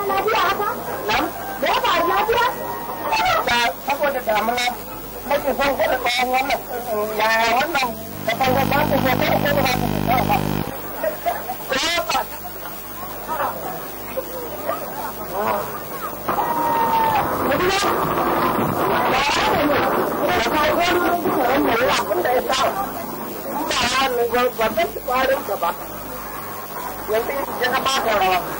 zama lafiya haka? Nan? Da ya faru lafiya? Da saboda damuna nake son gwada kawan wannan yaya wannan da kanga ba ta so kada ko ba ta so ba. Rafa. Yanzu ya ba da rawa.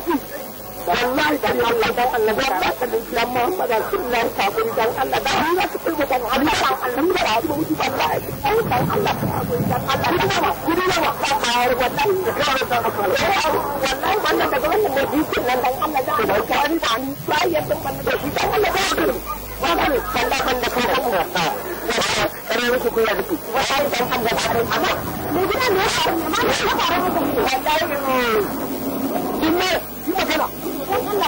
wallahi dan Allah dan Allah dan Allah dan Muhammad Rasulullah ta kun dan Allah dan Allah su ku dan Allah dan Allah da abu mutu wallahi dan Allah ta kun dan Allah dan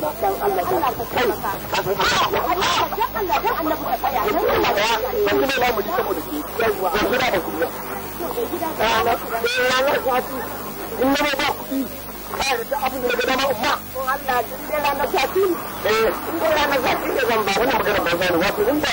dan Allah ya Allah ka taimaka dan Allah dan annabi ka tsaya dan Allah ya dan kuma za mu ji saboda ke yawa gida da kuma ana ana ya ci in na ba kuɗi ba da ta abin da daga dama umma Allah dai ranar sati eh in dai ranar sati ne zan ba wannan magana ba zan wato in ba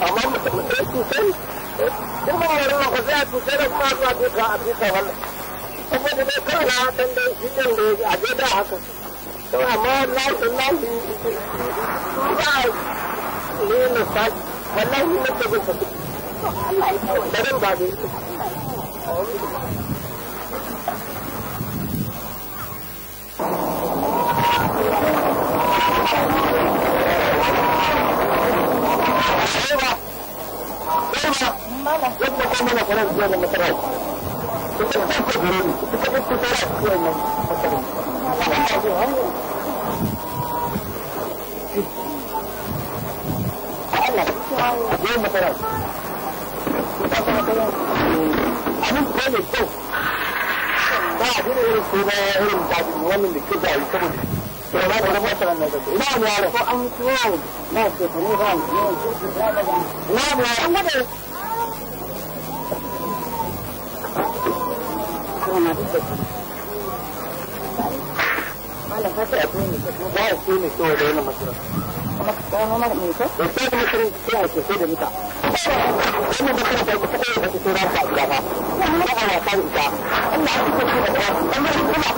amma mutum sosai kuma wani maka zai da kuma zuwa a duka wannan saboda dai kawai da shi ne da a je da Thank you. Abin da ya yi kuma irin daɗin wannan da ke da alkamun to ba da rubuta wannan da ina yaro ko an ciwo na shekaru ba ne na ba an gada ne duk Allah ka ta ku ne ko ba ku ne ko da wannan masara kuma ne ma mai ko da ta kuma shirin ko ne ko da ne kuma da kuma ta ko da ta ko ne ta ba ba Allah ka ne Allah ka ta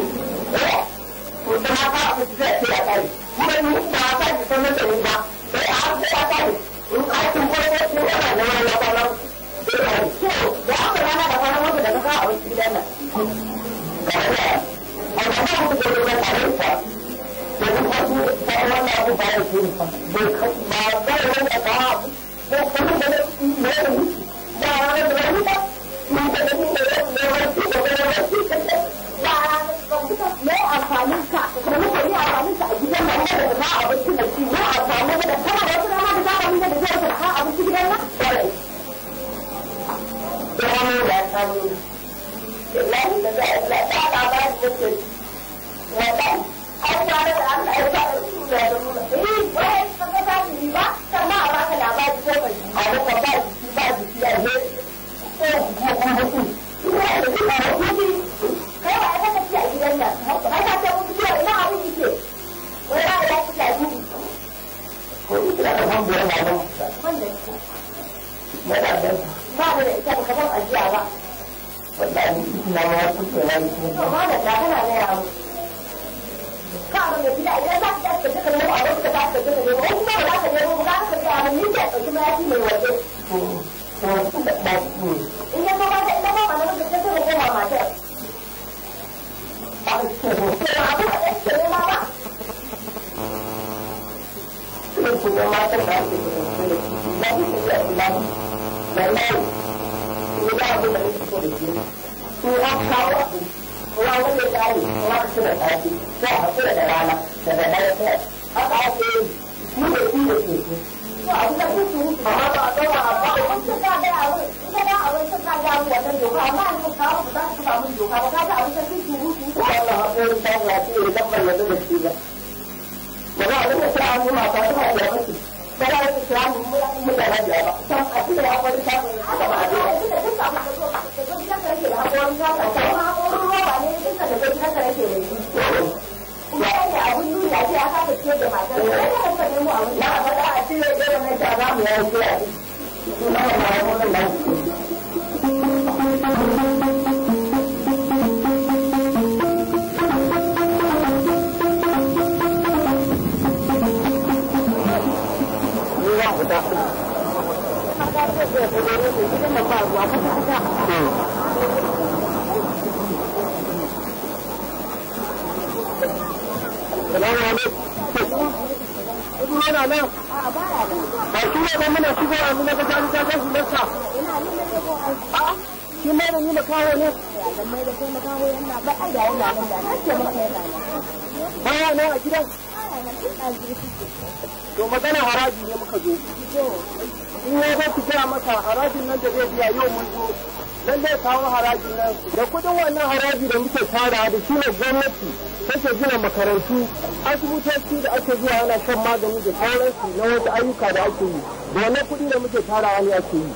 da sauransu na wata ayyuka da ake yi da wannan kuɗi da muke tarawa ne ake yi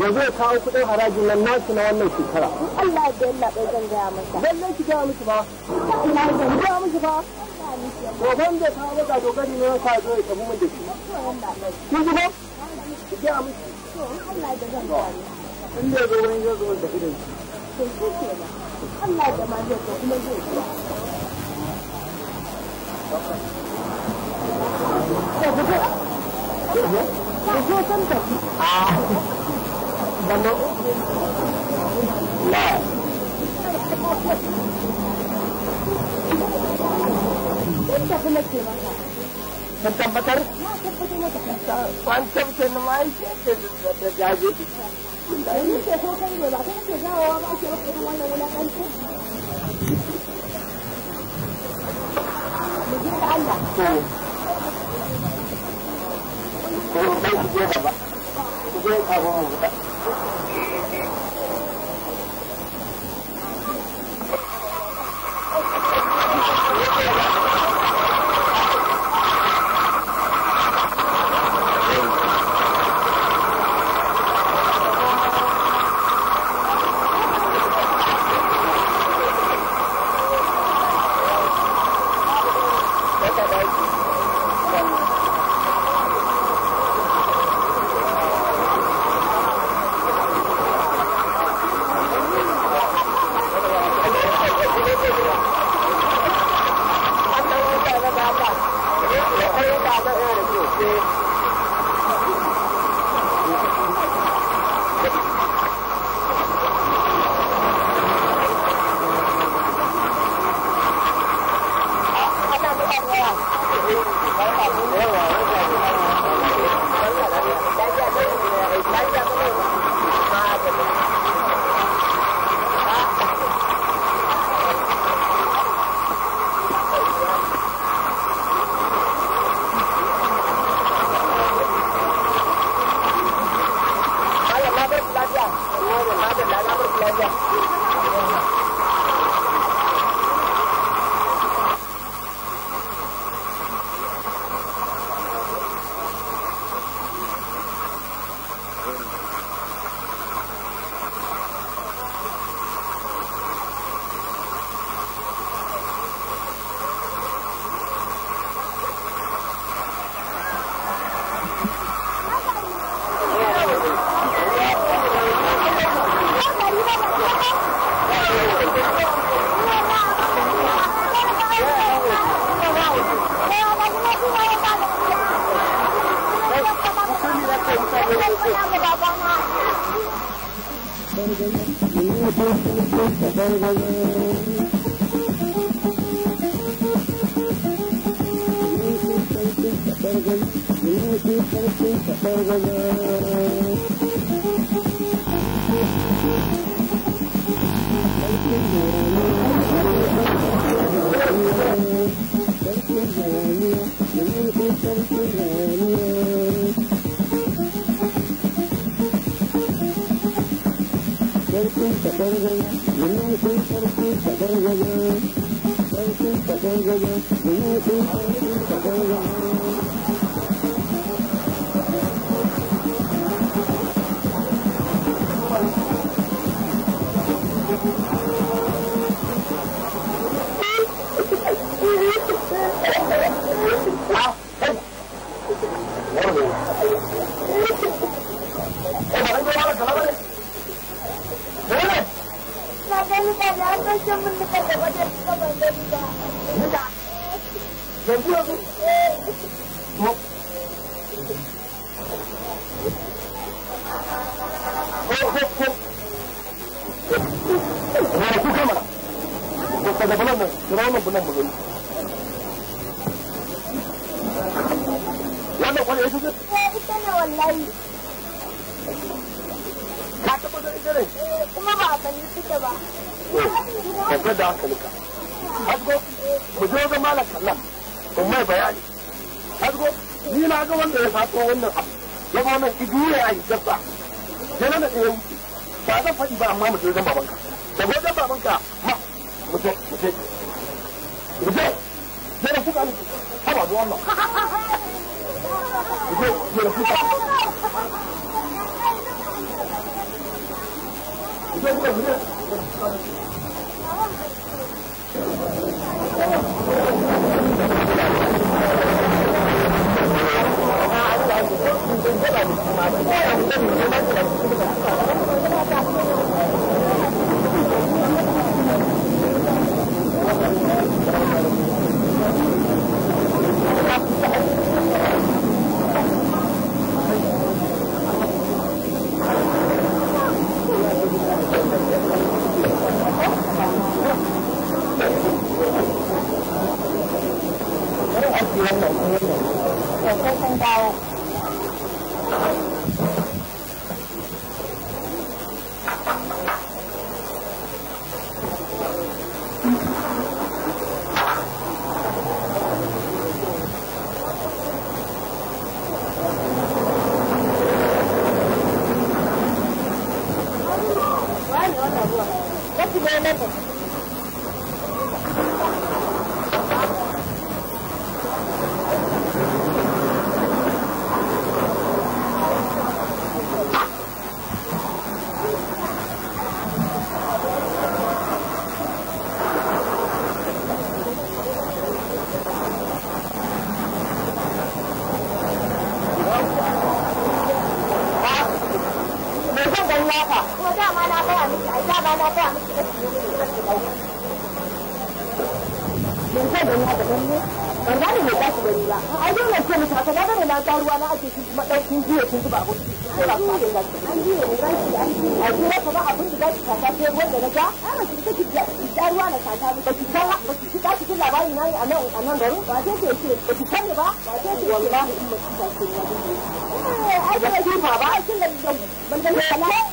yanzu ya kawo kuɗin harajin nan nasu na wannan shekara. Allah ya Allah bai zan gaya masa. Lallai ki gaya miki ba. Ina Ki gaya miki ba. Goban da ta kawo maka dogari ne ka zo ya tafi mun da shi. Ki ji ba? Ki gaya miki. Allah ya zan gaya miki. In da zo wani zai zo da idan. Allah ya ma zai ko kuma zai. Persuasion technique. Ah. Bando. No. Macam betul? Macam senamai je. Jadi. Ini sesuatu yang berbeza. Kita orang yang berumur lima puluh. Begini Allah. ကိုယ်ကိုယ်ကြည့်ရတာပါဒီလိုခါဖို့မဟုတ်ဘူး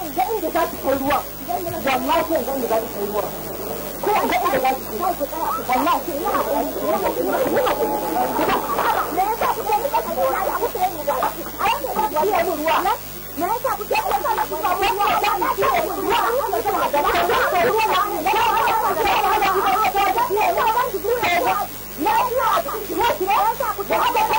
ga inda za ki kai ruwa wallahi ga inda za ki kai ruwa ko ga inda na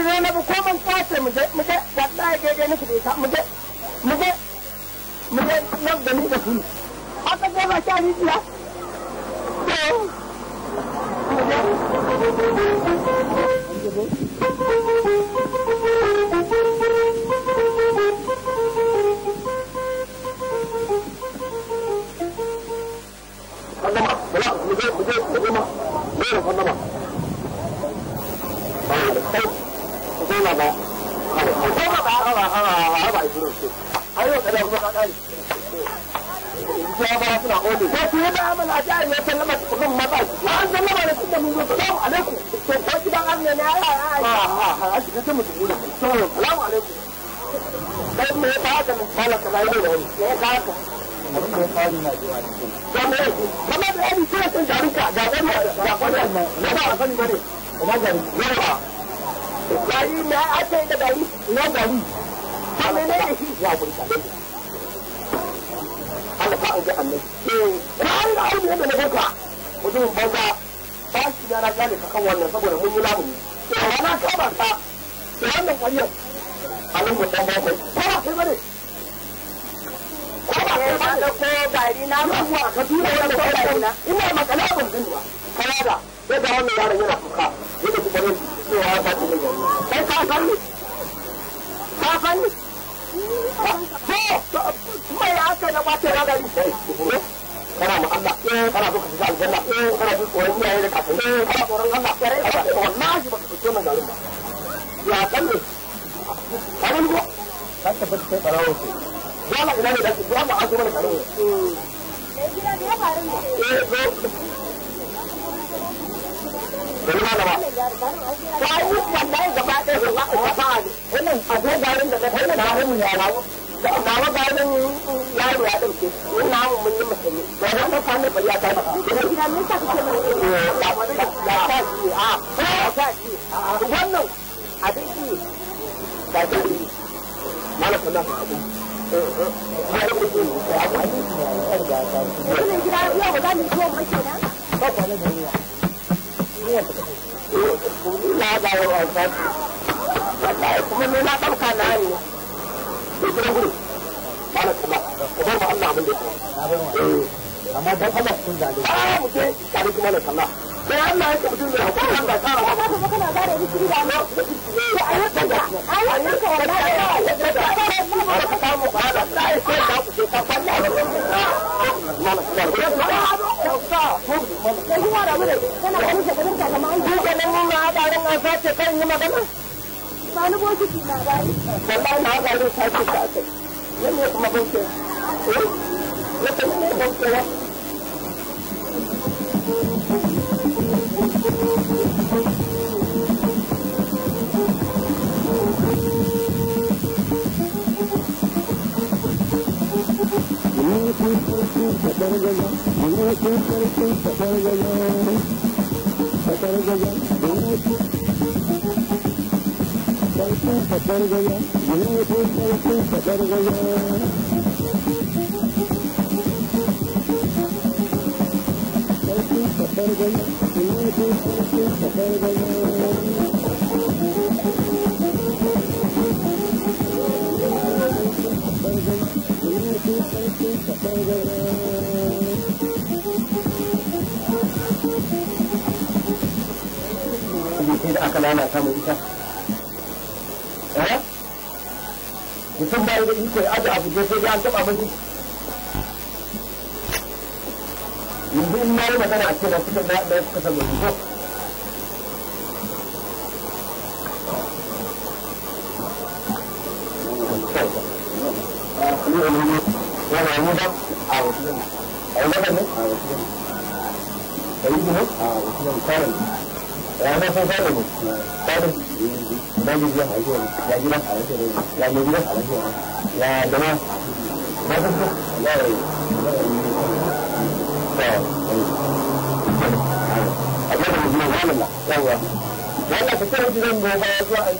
alhaji zainabu ko mun kwace mu je mu je wallahi daidai nake da ita mu je mu je mu je nan da ni da su aka ga ba sha rijiya Allah ma, Allah, mu je mu je mu je ma, mu je mu je ma. ko gaba ko gaba a ya sallama su kudin matsa. Na an sallama da kuka mun zo salamu alaikum. Ko ki ban amina da wani. gari na ake da gari na gari ta mene ya shi ya a ga annabi eh mutum banza ba shi na gane ka kan wannan saboda mun yi to eh, ka ba da wannan ba ko ba kai bane ko ba kai bane ko eh, bari na ruwa ka tura wannan na ina makala ban kuma da yadda wannan yaron yana kuka yadda kuka cewa ya kai ka san ni ka san ni aka ba ta kana ma Allah eh, kana so ka shiga aljanna eh, kana so iyaye da kakanni eh, kana tsoron Allah wallahi ba ka fito nan garin ba ya san ni ka tabbata kai barawo ina ne da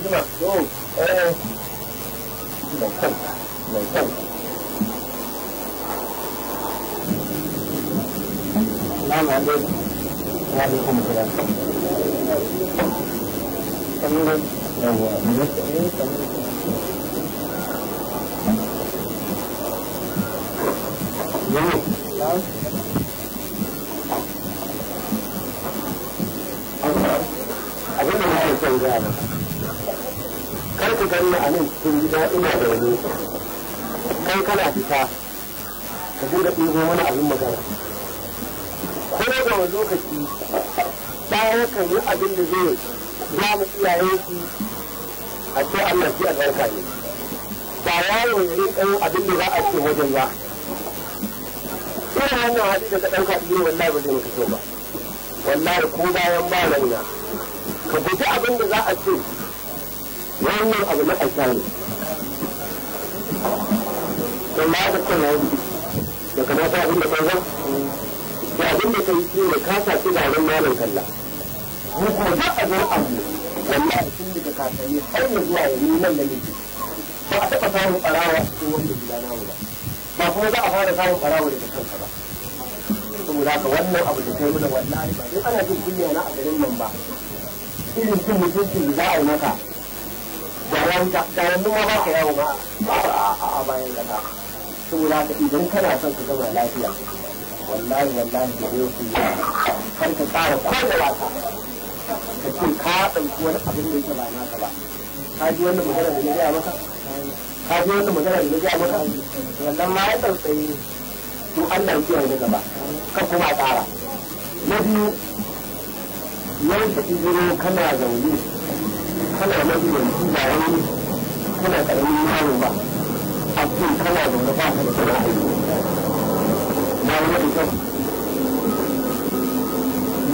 cái mặt của ông Ê Mày không Mày không Nam mà đi nam đi không được Tâm lên Rồi mình biết cái tâm lên Đó. Đó. Đó. Đó. Đó. Đó. Đó. Đó. ku ganna a nan cikin gida ina wani kan kana fita ka dinga ɗigo mana abin magana ko da wani lokaci bayan kan yi abin da zai ya mu iyaye shi a ce Allah shi albarka ne ba yaro ya yi ɗan abin da za a ce wajen ba ina wannan hali da ka ɗauka iya wallahi ba zai maka so ba wallahi ko bayan ba raina ka guji abin da za a ce wannan abu na ne. don ba ka kan yau da kana ta abin da kai ba da abin da kai shi ne ka sa shi da ran malam kalla mu ko za a zo abu wallahi tun daga kakanni har da zuwa yanzu nan da nake ba a taɓa samun ɓarawa a cikin wanda gida na ba ba kuma za a fara samun ɓarawa daga kanka ba saboda haka wannan abu da kai mana wallahi ba in ana jin kunya na a garin nan ba irin cin mutuncin da za a yi maka da yanzu ma ba ka yawo ba a bayan gada saboda haka idan kana son ka gama lafiya wallahi wallahi da yau ku kar ka tsara ko da wasa ka ce ka ɗauki wani abin da yake ba naka ba ka ji wannan magana da na gaya maka ka ji wannan magana da na gaya maka wannan ma ya tsautsayi to Allah ya kiyaye gaba ka kuma tsara na biyu yau da izuro kana zaune kana da yanzu ba wai kana karamin yaro ba a cikin kana da ba ka da kana aiki na wani da ya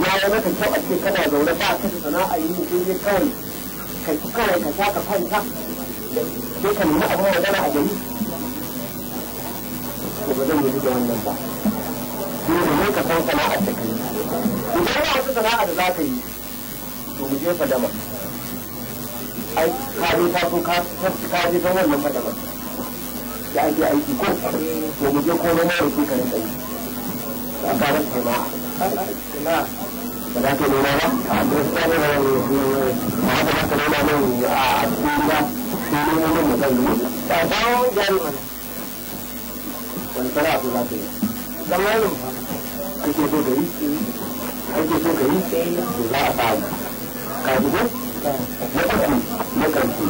yi maka kyau a cikin kana zaune ba ka da sana'a yi sai dai kawai ka ci kawai ka sha kanta kwanta sai ka nemi abin magana a gari ko ba zan yi da wannan ba dole ka san sana'ar da kai idan ba wata sana'a da za ka yi to mu je fadama ai ka zo ka ka ka je kan wannan fadabar da ake aiki ko to mu je ko noma da ke kai ba ka da kai ba ba ka noma ba a gaskiya ne ba ba ba ka noma nan a cikin ba sai ne mun mu zan yi ba ba jari mana wani sana'a ko za ka yi zamanin ba ake so ka yi ake so ka yi to za a ba kajigo na uku na ƙarshe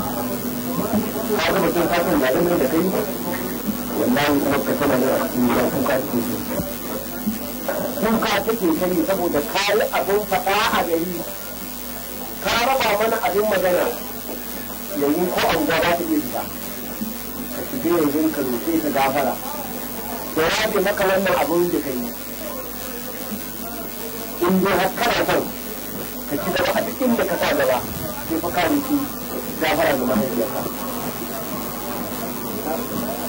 ka ga mutum ka san da da kai wallahi kuma ka tana da ya kuka take shi kuka take shari saboda ka yi abin faɗa a gari ka raba mana abin magana yanzu ko an za ta iya zuba. ka shige yanzu ka roƙe ka gafara da ya ce maka wannan abin da kai in dai har kana son ka ci gaba a duk inda ka sa gaba sai fa ka nufi gafara ga mahaifiyarka ka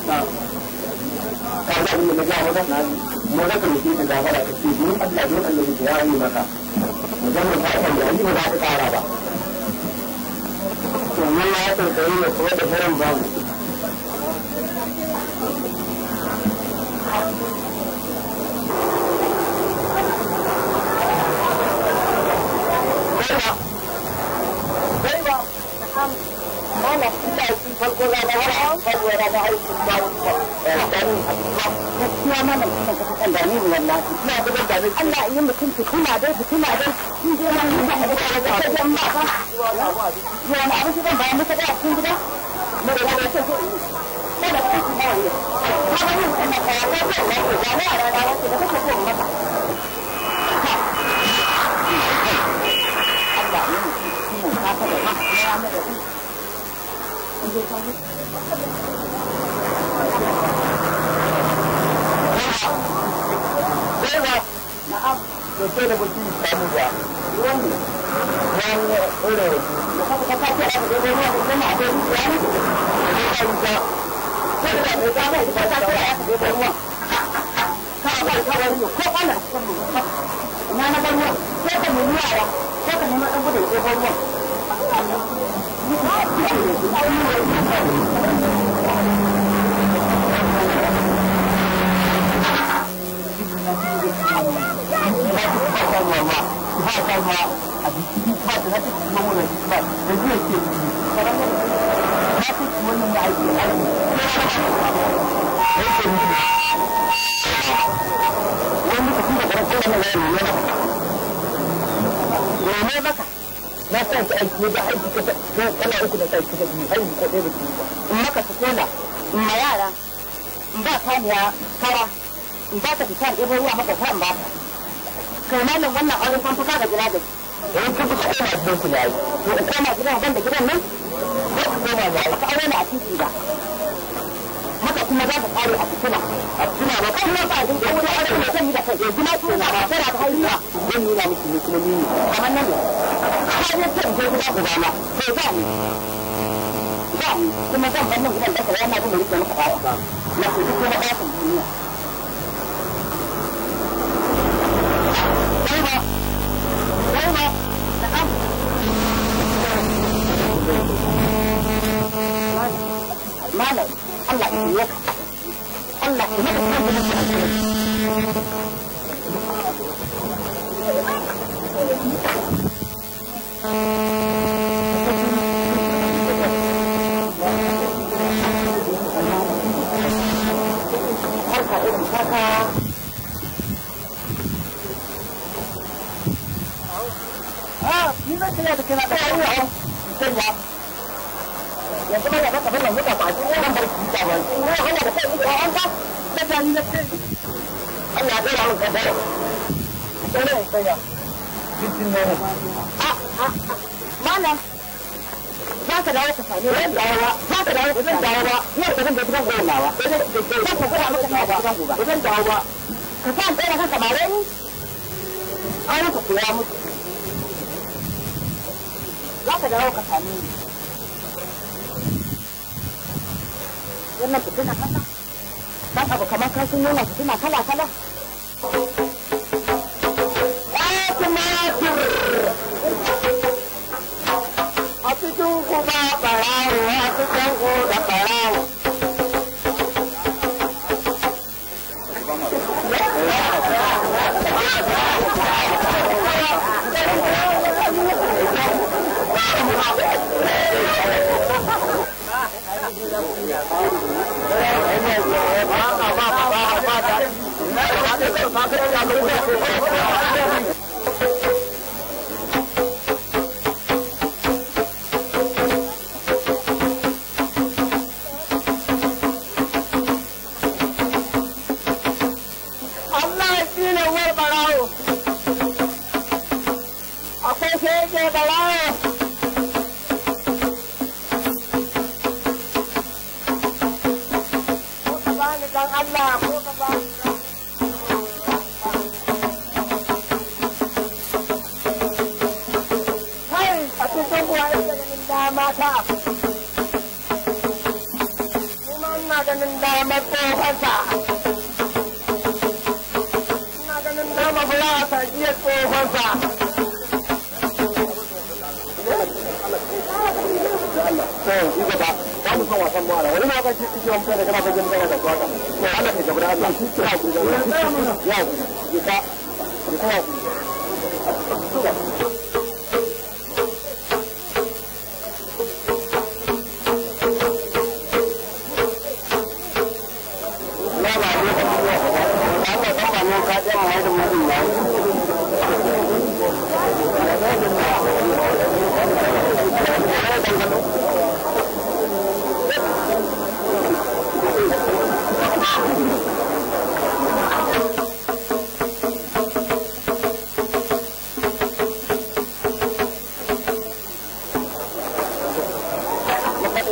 ga abin da na gaya maka na mu zaka nufi ta gafara ka ce don Allah don Allah ne ya yi maka musamman ta kan yayi ba za ta tsara ba to mun ya tsaye ne kuma da barin babu ba bai da Na'am. To sai da mutum ya samu ba. Ruwan ne. Ruwan ne. Ruwan ne. Ka ka ce a cikin ruwa ko kuma a cikin ruwa. Ka ka ta. Sai da ka ta mai ba ta ta a cikin ruwa. Ka ba ka ba ruwa ko ana cikin ruwa. Ina na ba ruwa. Sai ka mu ruwa ba. Sai ka nemi ɗan gudun ko ruwa. Wani mutum da ƙarfi wani ne ne maka. na san ki aiki da aiki ka kana uku da aiki da biyu aiki ko ɗaya da biyu ba in maka su in ma yara in ba kaniya fara in ba ta fitar ɗebo ruwa maka faran ba kai malam wannan aure kan fuka da gida da shi in ka fuka ina gidan ku yayi to in koma gidan ban da gidan nan ko ka koma ba ka aure na a titi ba kuma za ku kare a fitina a fitina ba kan nan sa duk da wani ana kuma kan da kai yanzu na tuna ba tana ta hanya zan nuna miki ne kuma ni ne kamar nan ne har ya ce ko kuma ku dama to za mu za mu kuma zan bar nan gidan da kai yana jin da rike maka na ku duk kuma ba ku duniya kai anh. kuat. Allah kuat. Ah, ini anh. saya ada kena tahu, kan ya? yanzu ba shi wannan ba zan dawowa yau ka ba zan goba zan dawowa ka san tsaya kanka an ka kula musu za ka dawo wannan fitina kala abu kamar kashin fitina a cikin kuma Yeah.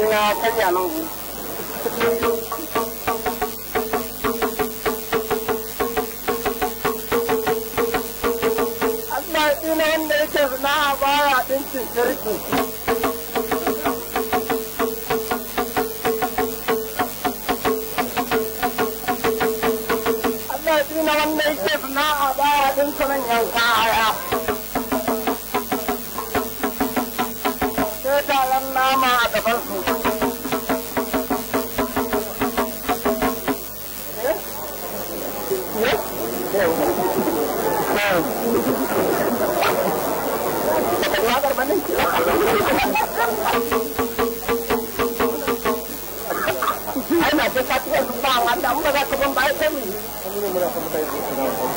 na karya nan Allah ina wanda yake sana'a baya ɗinkin kirki. na wannan yake na a baya ɗin sanan Thank you.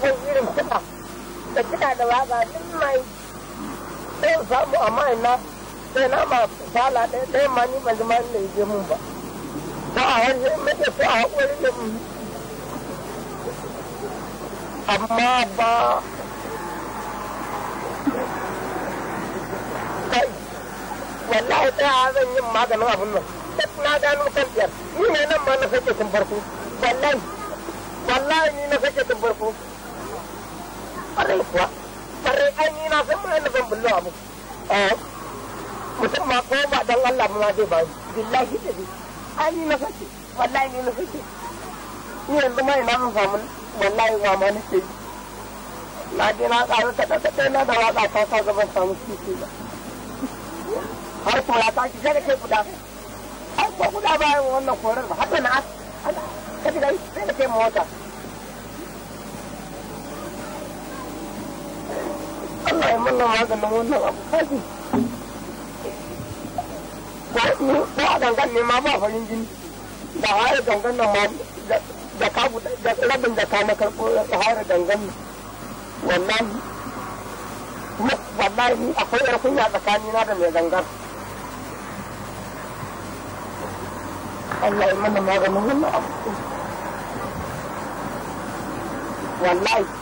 kuma irin da kiɗa da mai sai samu sai na ma sala je mun ba a harshe mace ko a da mu amma ba kai wallahi ta zan maganin abin nan na gano kan biyar ni ne nan ma na sake tun farko wallahi wallahi ni na sake tun farko ƙwarai kuwa ƙwarai ainihi na san mai nufin bullo abu eh, mutum ma ko ba don Allah ma zai ba billahi da zai ainihi na sake wallahi ne na sake ni yanzu mai na samu wallahi ba ma nake yi na je na ƙaru ta ta na da waƙa ta sa gaban samu kifi ba har kora ta ki sai kai guda ai ko guda bayan wannan korar ba haka na as ka ji sai da kai mota Allah ya mana maganin wannan abu kaji ko a gangan ne ma ba farin jini da hara gangan nan ma da kabu da rabin da ka na karɓo da hara gangan nan wallahi wallahi akwai yar kunya tsakanina da mai gangar Allah ya mana maganin wannan abu wallahi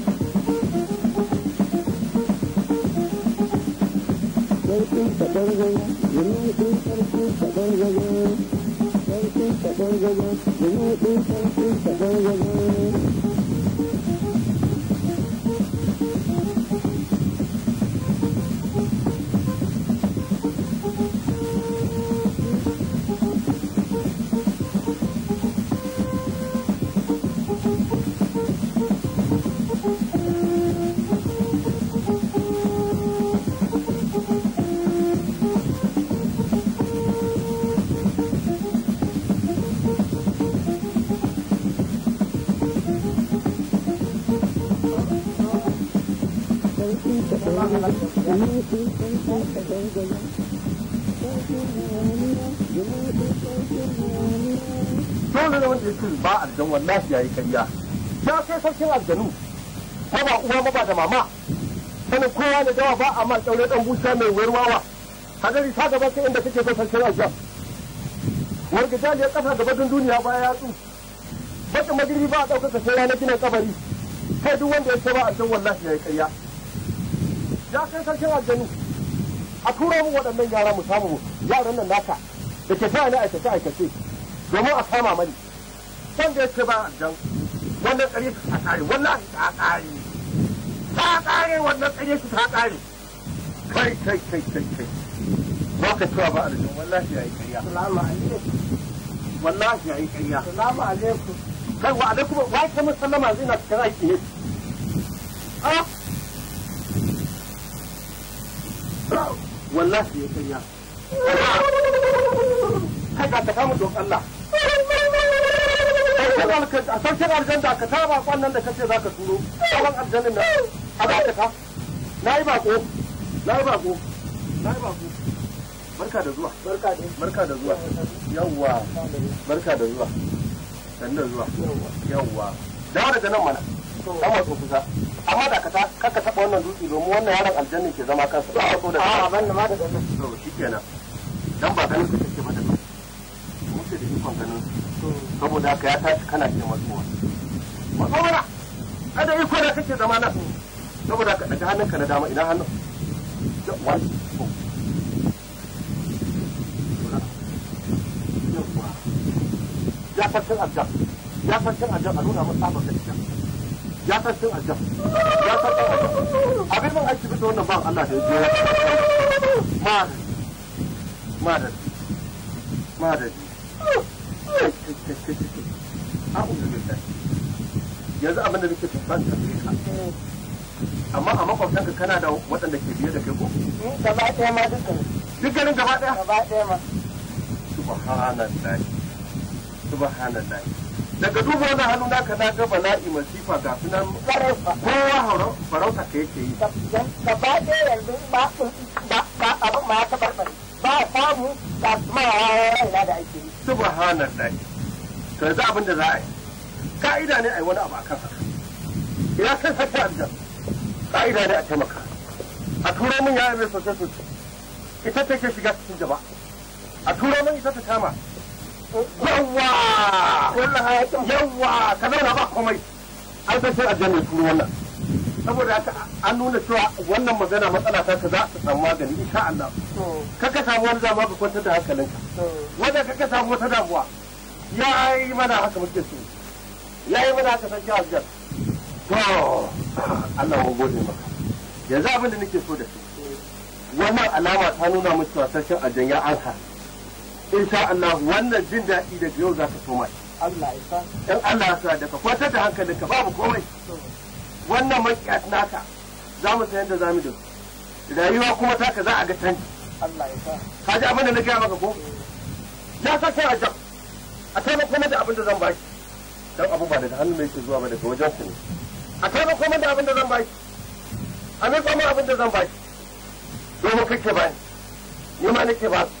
Thank you. dole ne wanda ya ce ba aljan wallahi ya yi ya kai sarkin aljanu ko ba uwa ba ba da mama sanin kowa da dawa ba a ma ɗaure ɗan busa mai warwawa hadari ta gaba sai inda kake son sarkin aljan da ya kafa gaba dun duniya baya ya tsu bata magiri ba a ɗaukaka sai ranar ginin kabari kai duk wanda ya ce ba aljan wallahi ya yi ya kai sarkin aljanu a tura mu waɗannan yara mu samu yaran nan naka da ke tana aikace aikace domin a kama mani wanda ya ce ba aljan wannan tsare ta wallahi ta ta wannan tsare ta kai kai kai kai kai ba ka cewa ba aljan wallahi ya yi zai na cikin ah! wallahi ya kanya kai ka ta kama don Allah a sarkin aljanda ka tara kwannan da ka ce kace zaka turo kawan aljannin nan a ka ta nayi bako nayi bako yi bako barka da zuwa barka da zuwa yawwa barka da zuwa dan da zuwa yawwa dawo daga nan mana dan matso kusa amma da ka kaka taba wannan dutse domin wannan yaron aljanni ke zama kansa ba so da a ban ma da dan to shikenan dan ba ganin kake ce ba da muke da ikon ganin saboda haka ya tashi kana ce matsuwa matsuwa mana kada iko da kake zama nan saboda ka daga hannunka na dama idan hannun wani ya farcin ajab ya farcin ajab a nuna masa ba ka ya san cin aljan ya san abin mun aiki bisa wannan Allah da ya biya madadi yanzu abin da amma a ka kana da waɗanda ke biye da kai ko gaba ɗaya ma gaba ɗaya gaba ɗaya ma daga duba wani hannu naka na ga bala'i masifa ga sunan kowa farauta ka yake yi gaba ɗaya yanzu ba abin ma ta barbare ba samu ba ma yana da ake yi subhanan lahi to yanzu abin da za a yi ka'ida ne a yi wani abu a kan haka ina san sace aljan ka'ida ne a taimaka a turo min ya yi mai sosai sosai ita take shiga cikin jaba a turo min ita ta kama yawwa wannan hayakin yawwa ka zauna ba komai ai sai sai aljanna turo wannan saboda haka an nuna cewa wannan magana matsala ta ka za ta samu magani insha Allah kaka samu wani damuwa ka kwantar da hankalinka wanda kaka samu wata damuwa ya yi mana haka muke so ya yi mana haka san jihar to Allah mu gode maka yanzu abin da nake so da shi wannan alama ta nuna mutuwa cewa sarkin aljan ya ansa insha Allah wannan jin daɗi daga yau za ka koma Allah ya sa Allah ya sa daga kwantar da hankalinka babu komai wannan makiyat naka za mu san da za mu da rayuwa kuma taka za a ga canji Allah ya sa ka ji abin da na gaya maka ko na sa kai ajab a taimako mata abin da zan baki dan abu ba daga hannun yake zuwa ba daga wajen su ne a taimako mata abin da zan baki a mai ma abin da zan baki domin kake bani ni ma nake ba su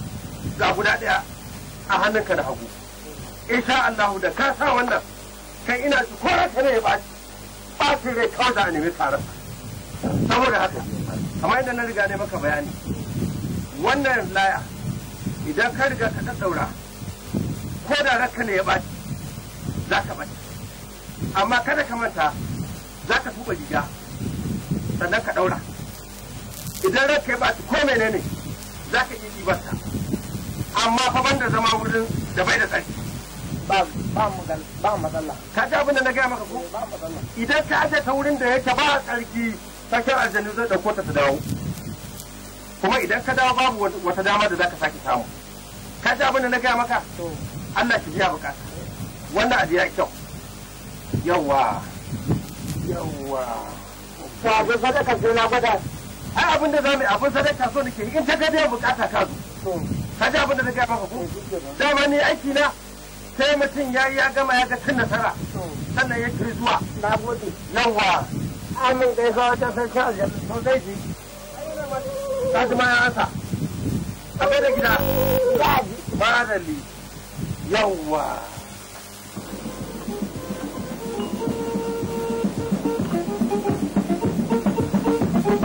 ga guda ɗaya a hannunka na hagu insha Allah da ka sa wannan kai ina ji ko ranka ne ya ɓaci ɓacin zai kawai za a nemi tsarar saboda haka kamar yadda na riga ne maka bayani wannan laya idan ka riga ka ɗaɗɗaura ko da ranka ne ya ɓaci za ka ɓaci amma kada ka manta za ka tuba jiga sannan ka ɗaura idan ranka ya ɓaci ko menene za ka iya ɗibarta amma fa banda zama wurin da bai da tsari ba matsala ka ji abin da na gaya maka ko eh, idan ka aje ta wurin da yake ba tsarki sarkin aljanu zai dauko ta ta dawo kuma idan ka dawo babu wata dama da zaka sake samu ka ji abin da na gaya maka Allah ki biya bukata wannan abu ya kyau yawa yawa ka ga sadaka sai na gwada ai abin da zamu abin sadaka so nake in ta ga biya bukata ka zo ka ji abin da na gaya maka ko dama ni aiki na sai mutum ya ya gama ya ga cin nasara sannan ya kiri zuwa na gode yawa amin da ya sa gida ba yawa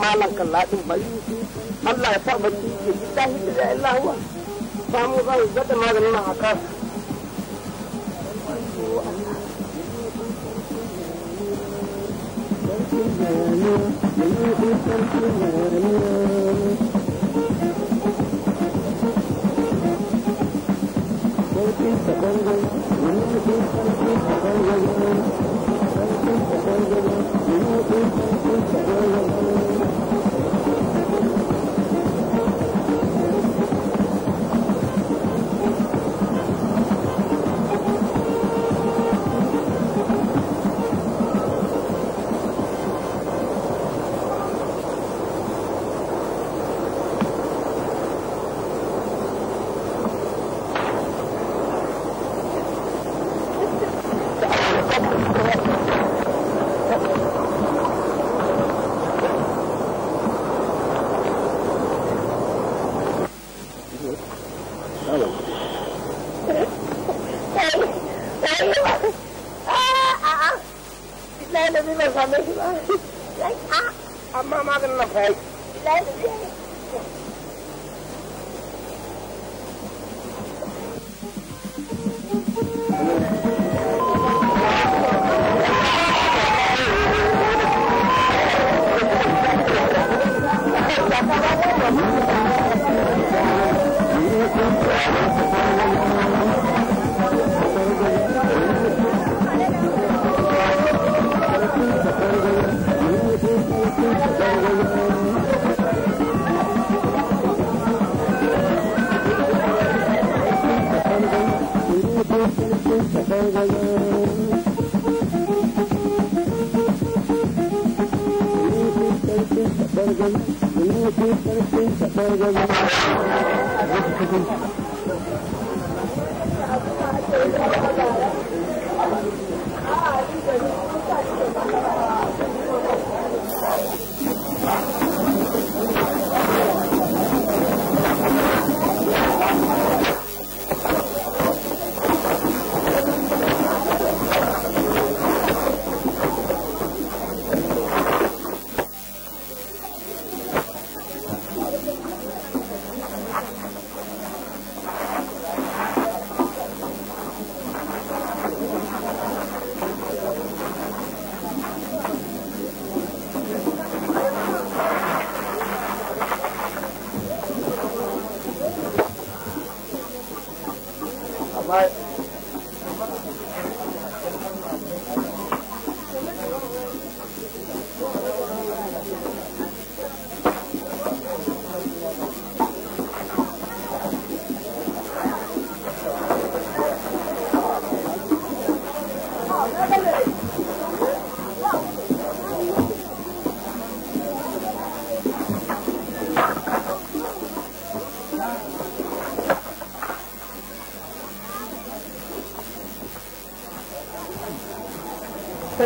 malam kalladin mai Allah ya sa baki ya ji ta da Allah wa ba mu zan zata maganin nan a kan Thank you.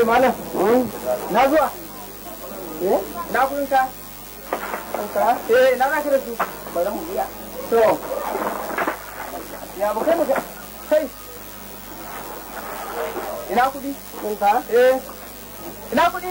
kai malam eh? na zuwa eh? na kudin ka eh na za ka da su bari mu biya to ya bu kai muka kai ina kudi kudin eh ina kudi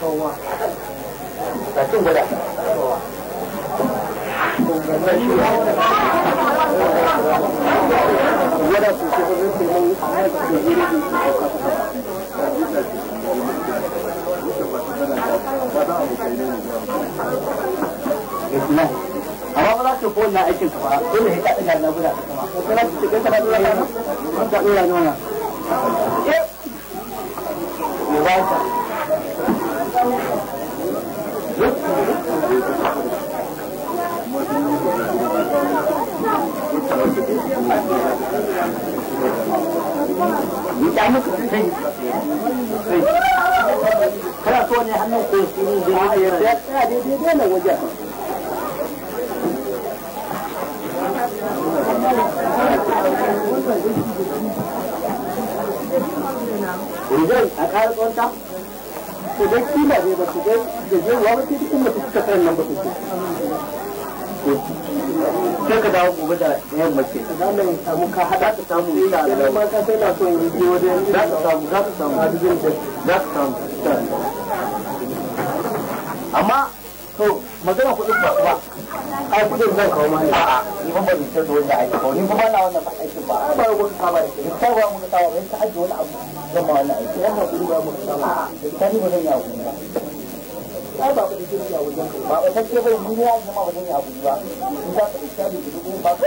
go on. ce ta samu ka ka za samu za samu amma to magana kuɗin ba ba ai kuɗin zan kawo ma a'a ni ba ban ta dole ai kawo ni ba na wannan ba aikin ba ai ba ko ka ba ni ta ba mu ta ba ta aje wani abu zan wannan aiki wannan kuɗi ba mu ta ba ta ni ba zan yawo ai ba kuɗi ke yawo ba ba ta ce ba ni ya zama ba zan abu ba in za ka iska ni kuɗi ba ka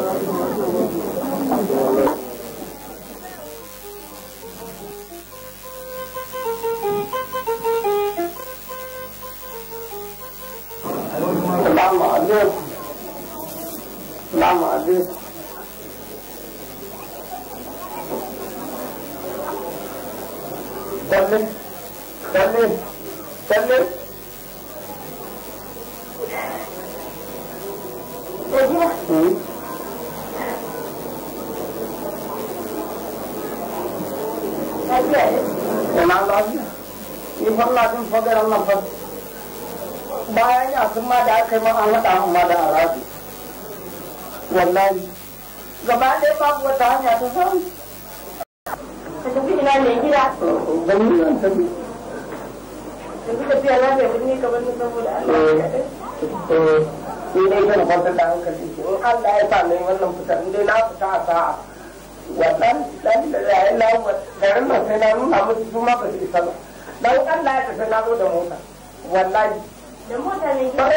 kai ma an haɗa mu ma da arabi wallahi gaba ɗaya babu wata hanya ta samu ka tafi ina mai gida yi tafi lafiya kamar saboda Allah ya kaɗai eh, eh, eh, zan da Allah ya wannan in dai na fita a sa'a wannan da garin na nuna musu ba su isa ba dan Allah ya na da mota wallahi da mota ne ba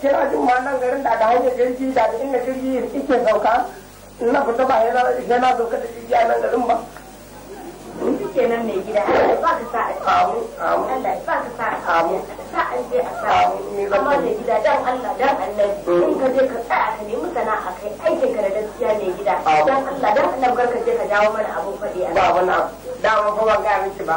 kina jin garin da ga hanyar jirgi da inda jirgi yake sauka na fita ba yana na sauka da jirgi a nan garin ba kenan mai gida ba ka sa a cikin Allah ba ka sa a cikin sa an je a sa amma mai gida dan Allah dan annabi mm. in ka je ka tsaya ka nemi sana'a kai aikin ka da gaskiya mai gida dan Allah dan annabi kar ka je ka dawo mana abun faɗi a ba wannan dama ko ban ga miki ba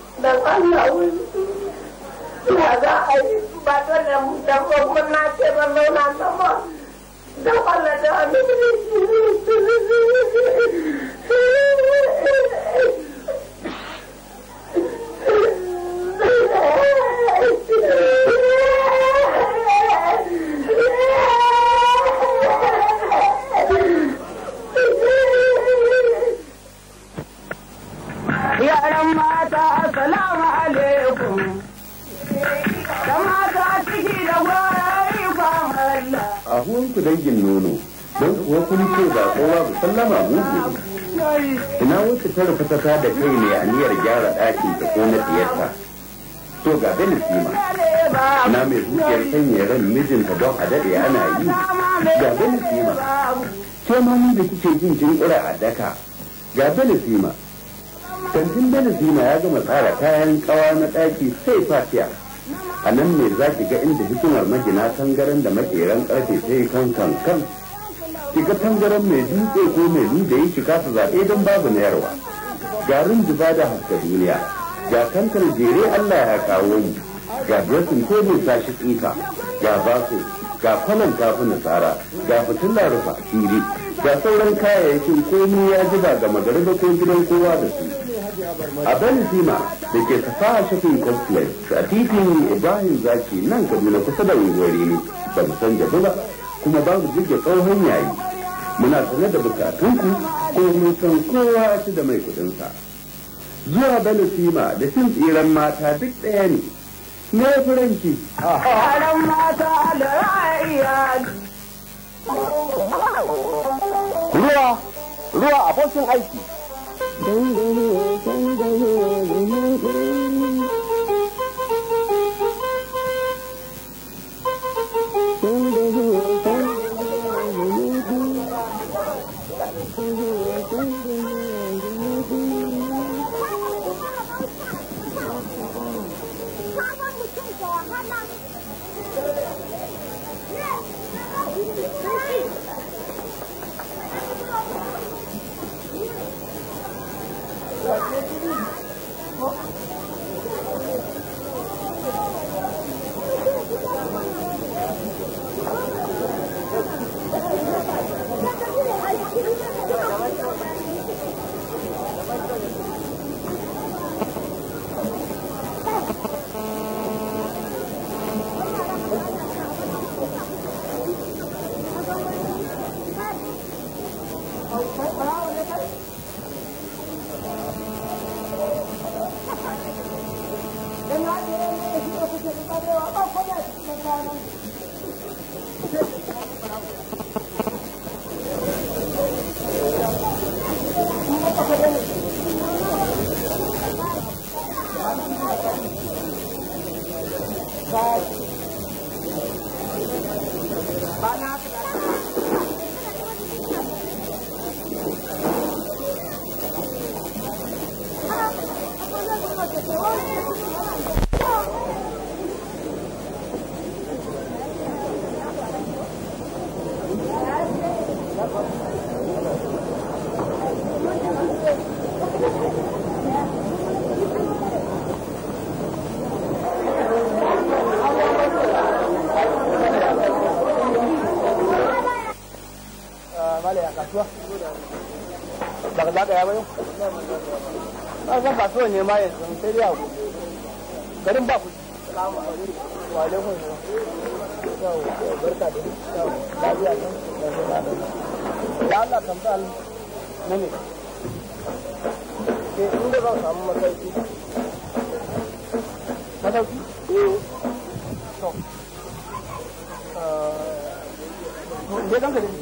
dan Allah wani ya za a yi ba ta da na ce ba zauna sama dan Allah da annabi yaran mata assalamu alaikum da mata ciki da gwarayi famalla a ku dangin nono don kuwa kun ce ba kowa ba sallama mugu ina wata ta rufe ta da kai ne aniyar gyara ɗakin da ko na diyarta to ga sima. na mai zuciyar sanya ran mijinta don a daɗe ana yi ga belisima ke ma ni da kuke jin jinƙura a daka ga sima. kantin da zina ya gama tsara kayan kawa na ɗaki sai fatiya a nan ne za ki ga inda hikimar magina tangaran da makeran karfe ta yi kan kan kan ki ga tangaren mai dutse ko mai ni da yi ki kasa zaɓe don babu nayarwa garin zuba da haska duniya ga kankan jere allah ya kawo mu ga bresin ko mai sashi tsinka ga basu ga kwanan tafi nasara ga fitin larufa ga sauran kayayyakin komai ya zuba ga magariba ko gidan kowa da su a zima da ke safa shafin complex a titin ibrahim zaki nan kaduna kusa da wuri ne ba mu san jabu ba kuma mu jirgin tsohon yayi muna sanar da bukatunku ko mun san kowa shi da mai kudinsa zuwa sima da cin tseren mata duk ɗaya ne ne furanki mata da ruwa ruwa abokin aiki ಬಂದೆಯೇ saya ba yau ba so ne ma yanzu sai dai abu garin ba ku salamu alaikum wa alaikum salam barka da da Allah tambaya ke eh, inda zan samu eh. Eh,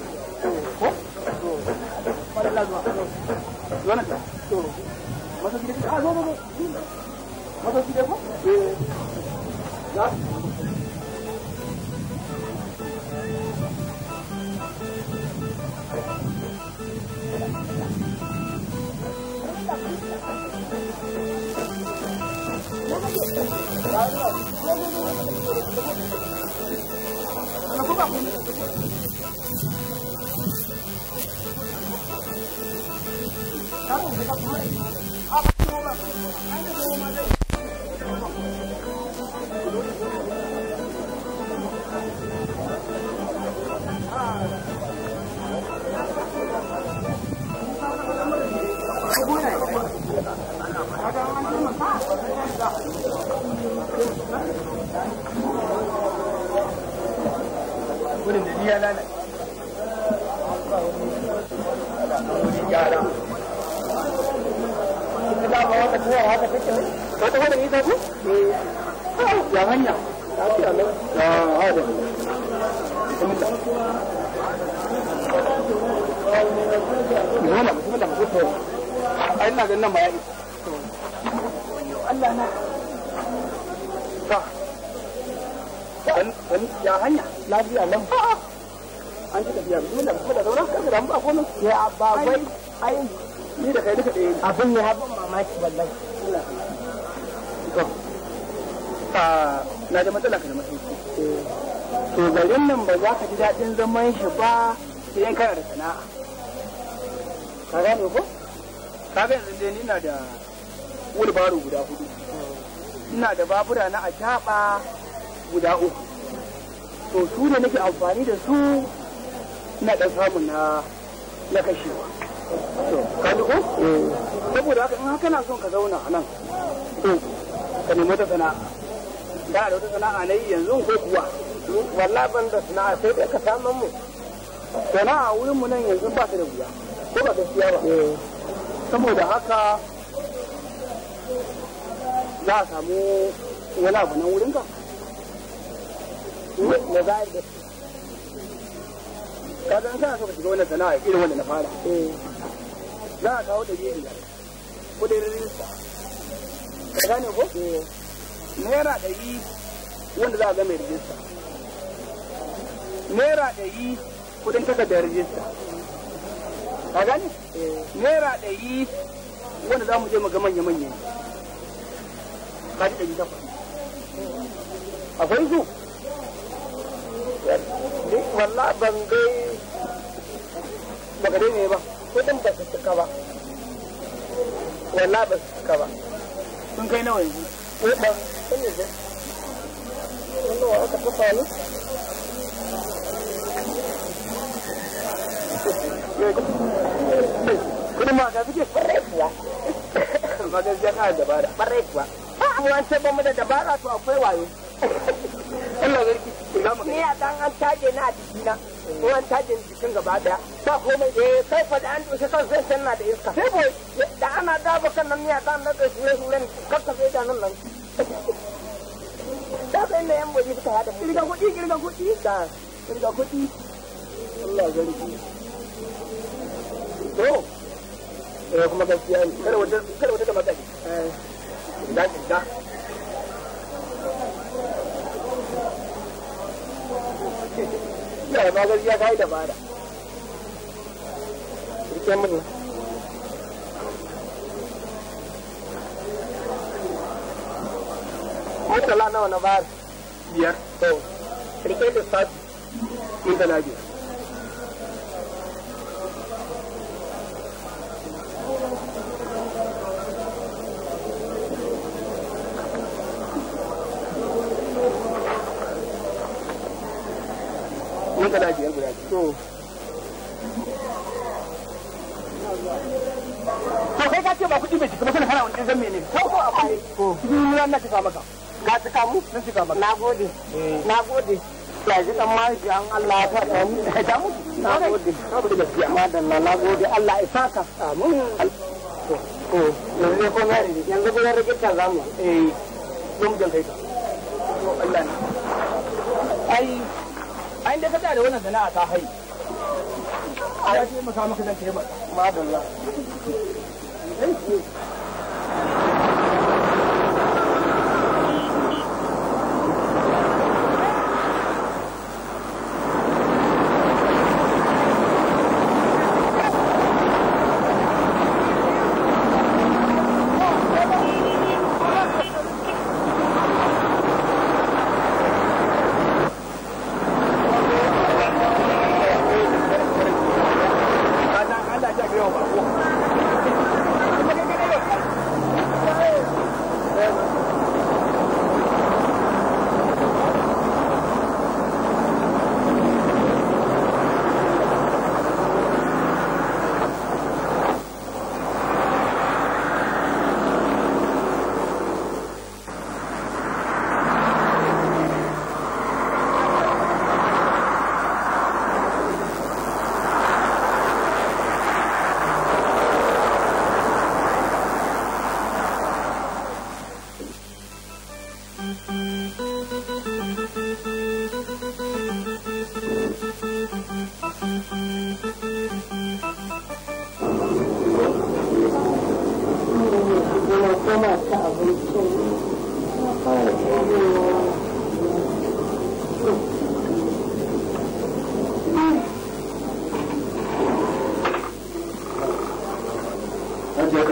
ba wai ai ni da kai duka ɗaya ne abin ne haɓin mamaki wallahi to na da matsala ka da masauki to garin nan ba za ka ji daɗin zaman shi ba sai yan kana da sana'a ka gane ko ka ga yanzu dai ni na da wulbaro guda hudu ina da babura na a jaɓa guda uku to su ne nake amfani da su na ɗan samun na na kashewa ka duku eh. saboda haka in haka na son ka zauna a nan to ka nemi wata sana'a da da wata sana'a na yi yanzu ko kuwa walla ban da sana'a sai dai ka saman mu sana'a wurin mu nan yanzu ba ta da wuya ko ba gaskiya ba eh. saboda haka za a samu wani abu nan wurinka na za a ka ga kana so ka shiga wannan sana'a irin wanda na fara za a kawo da kudin rinsa ka gane ko naira ɗari wanda za a ga mai rijista naira ɗari kudin takardar rijista ka gane naira ɗari wanda za mu je mu ga manya-manya ka ji ɗari takwas akwai su walla ban gai baka ne ba kudin ba su cika ba walla ba su cika ba kai nawa yanzu ko ban ne wannan wa aka tafa ne kudin ma ga suke ɓarai kuwa magajiya kana dabara ba an wance ba mu da dabara to akwai wayo Allah zarki ni ya dan an taje na a jikina ko an taje ni jikin gaba daya ba komai eh kai fa da an dushe kan zai sanna da iska sai ko da ana gaba kan nan ni ya dan na da shi ne kakka sai da nan nan da sai ne yan boji suka hada mu kirga kudi kirga kudi da kirga kudi Allah zarki to eh kuma gaskiya ne kada wata kada wata da matsali eh da da gaskiya ba gaskiya kai da bada rike mutala nawa na ba biyar to rike da sati mun da mun kada biyar guda to to kai ka ce ba kuɗi bai cika ba kana kana wani zan mene ko ko akwai ko cikin ruwan na cika maka ka cika mu na cika maka gode. Eh. nagode yanzu dan mahaifi an Allah eh, ta ta mu ta mu nagode saboda gaskiya madalla gode. Allah ya saka amin ko yanzu ko na rage yanzu gudan rage ta mu. eh don jan kai ka Allah ai a inda ka tsaya da wannan sana'a ta hai a ya ce maka maka zan taimaka madalla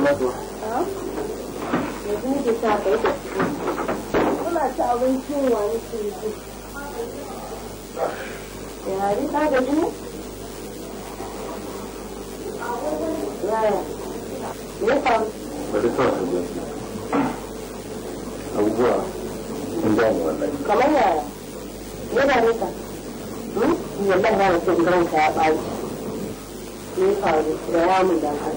mato yanzu yi yi ya faru bari ya dame ka hmm?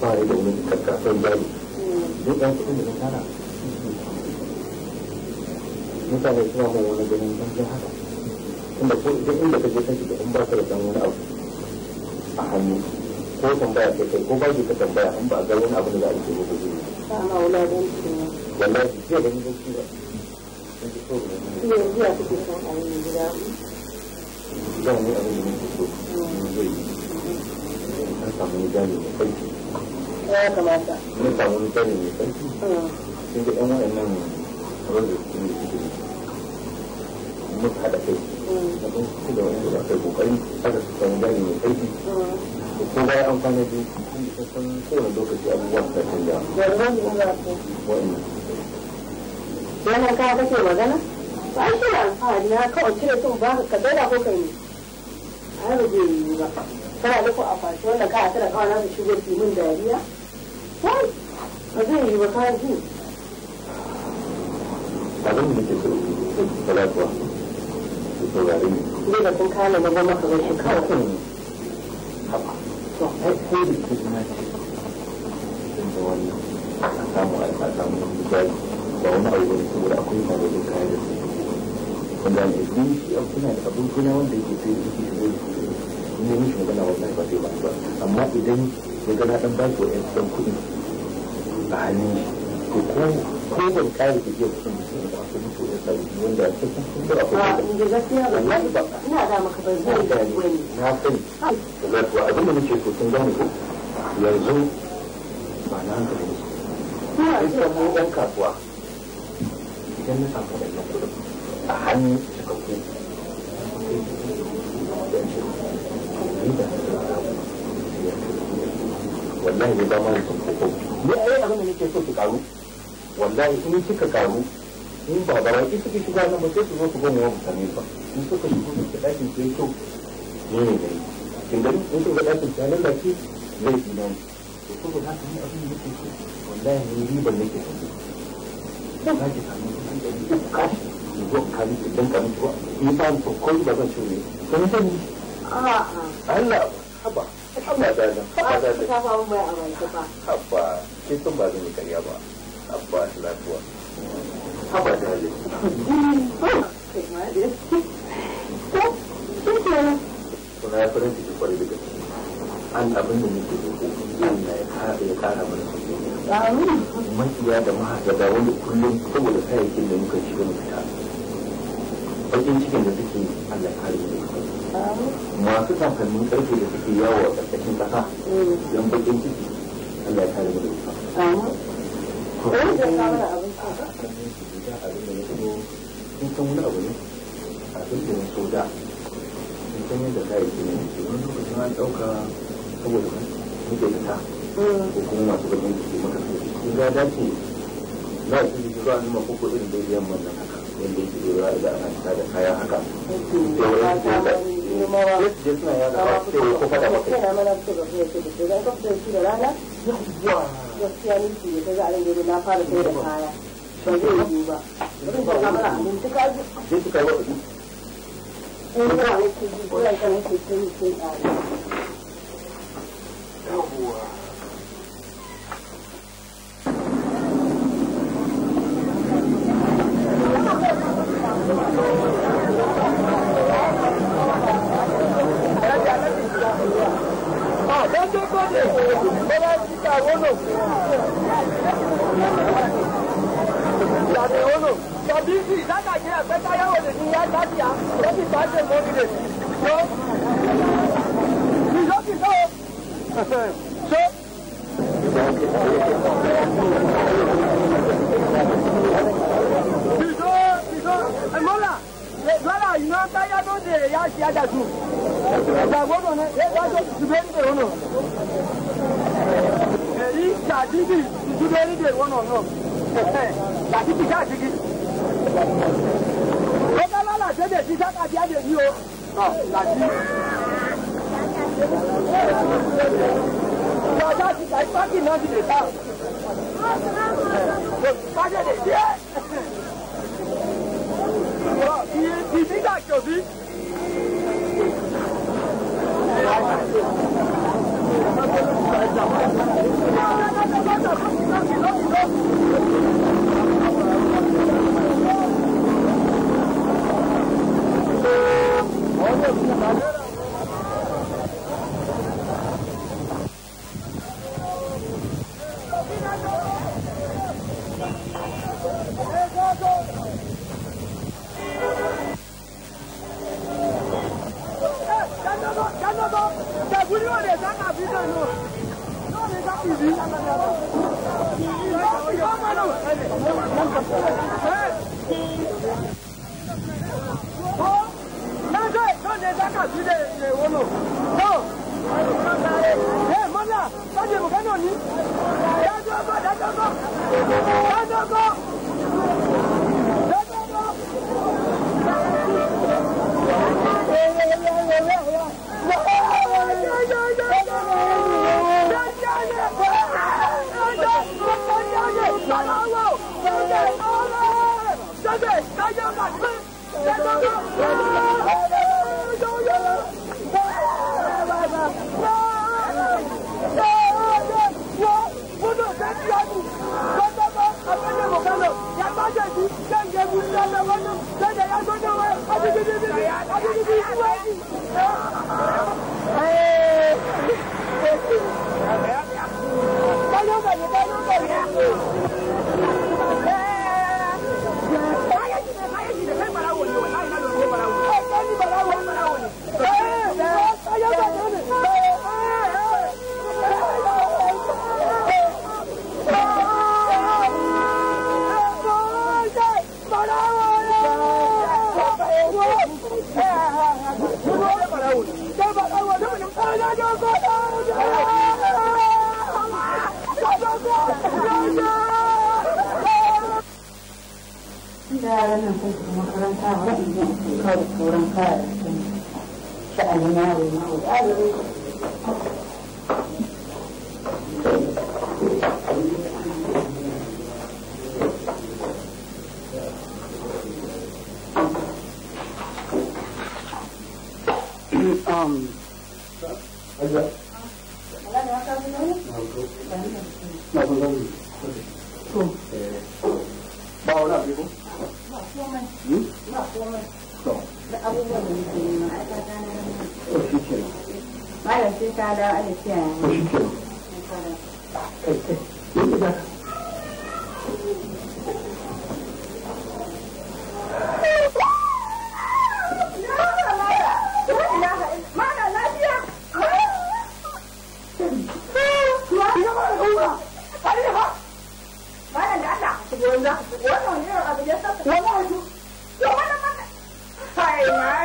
ba yi da wani karkasar jari duk ɗan kuɗin da na tara mutane suna mun wani ganin banzan haka inda ko idan inda ka je kanki da in ba ka da wani abu a hannu ko tambaya kai kai ko ba ki ka tambaya in ba a ga wani abu da za a yi ko gobe ba wallahi jiya da ni ba ki ba yanzu ya kuke son a yi gida zan yi abin da nake so zai yi na samu gani mai aiki ya kamata mun samu wani tsari mai sun ga ɗan waɗannan rozu sun da suke muka haɗa kai hmm. na kun da wani da kai kokarin aka su samu gani mai ƙarfi hmm. ko bayan an kwana biyu sun da sassan kowane lokaci abubuwa su tafi da waɗannan yana kake magana ba an shirya na kawai cire sun ba ka daina ko kai ne a yanzu bai yi ba kana da ko a wanda ka a tara kawai na su shigo su dariya ba zai yi ba ka ji abin da ke so ba za kuwa su saurari ne zai da kun zama ka gaishe kawai haba to ai ko da ke zina ce da wannan a samu a samu jari ba wani abu ne saboda akwai malolin kayan da su wanda ne sun shi suna da abin kuna wanda yake sai da yake shigo da su ne zai ba amma idan ga gana dan ba shi ɗan dan kuɗi a hannun ko ko ko ko ban da jiya kusan da sun kwaso musu ya sa wanda ya cikin sun da da gaskiya ba ina da maka ba zai da wani na sani abin da nake so kun gane ko yanzu ba na ne ɗan kasuwa idan na samu a hannun da shi da shi wallahi ne zama ne tamko ko ni a yau abin da so su karu wallahi in kika karu in ba ba ki suke shiga nan ba sai su zo su gama mutane ba in suka shigo da ɗakin su yi ne ne ne kin gani in suka ɗakin su da ki zai fi nan to ko ba haka ne abin da nake so wallahi ne riban nake so ba za ko ka kusan ɗari ka miki dan ka ko ba in ba ko to ba zan ciwo ne kun sani a'a Allah haba Abba da nan. Abba da nan. Ta fa mai amanci fa. Abba ke tun ba zan yi karya ba. Abba lafiya. Abba da nan. Kai Kuna ya farin ciki kwarai daga gaske. an abin da nake roƙo Allah ya kara ya kara mana kuɗi makiya da mahasada wani kullum saboda kayayyakin da muka shiga mu fita bakin cikin da suke Allah ya kare mu masu kamfanin karfe da suke yawo a ƙarƙashin ƙasa don bakin ciki Allah ya kare da sun san da abu soda san ɗauka saboda ko kuma masu bakin maka ga dace za a zuwa ko irin daidai wanda yake da da haka to da ya ko fada mana da shi ni ta na fara sai da kaya ba zai yi ba kamar ji sai in ji ko ya àdájọ́ tó lè bọ́lá títà wọ́nà tàbí wọ́nà tàbí sí látàkì àfẹ́táyàwó lè ní yá lábíà lọ́sì bá ṣe mọ́ nílé tó ní lọ́sì tó tó. Thank you. Mola, Lala, you know, Taya don't they ask the other two. They go on, they go to bed the Èyí ṣàdídì ìdúró lédè wọn ọ̀nà ṣàdídì ṣàdídì. Ó bá lọ́la ṣẹ́dẹ̀ sí sákàdí àdè ní o. Ṣàdí. Ṣọjá ti ṣàìpákì náà ti lè ká. Ṣàdídì díẹ̀. Di mi da kyo bi. Bye, Mom.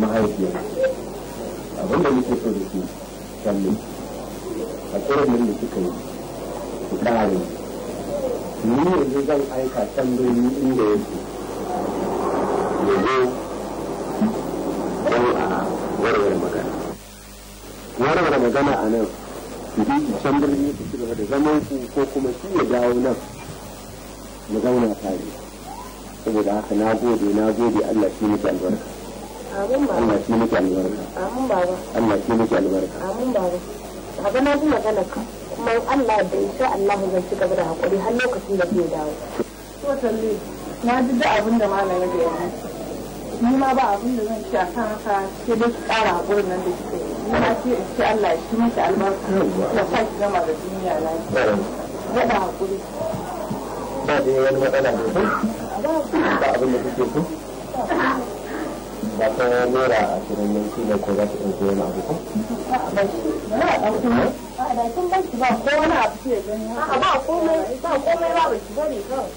mahaifiya abin da nake so da su kalli a ƙoramin da suka yi su ƙare ni yanzu zan aika tambayoyi inda yake domin warware magana warware magana a nan ku bi can birni su ci gaba da zaman ku ko kuma shi ya dawo nan mu zauna tare saboda haka na gode na gode Allah shi muke albarka Allah shi miki albarka Allah shi miki albarka baba na ji magana ka kuma Allah da insha Allah zan ci gaba da hakuri har lokacin da zai dawo to talle na ji da abin da malam da gaya ni ma ba abin da zan ci a kan haka sai dai ki ƙara hakurin nan da kike ni ma ce in ci Allah shi miki albarka ya sa ki gama da duniya lafiya gaba hakuri ba da wani matsala ne ba abin da kike so ba ta naira a ne ko za ta ɗauki wani abu ba shi ba a ɗauki ne a da ba ko wani ba komai ba komai ba ba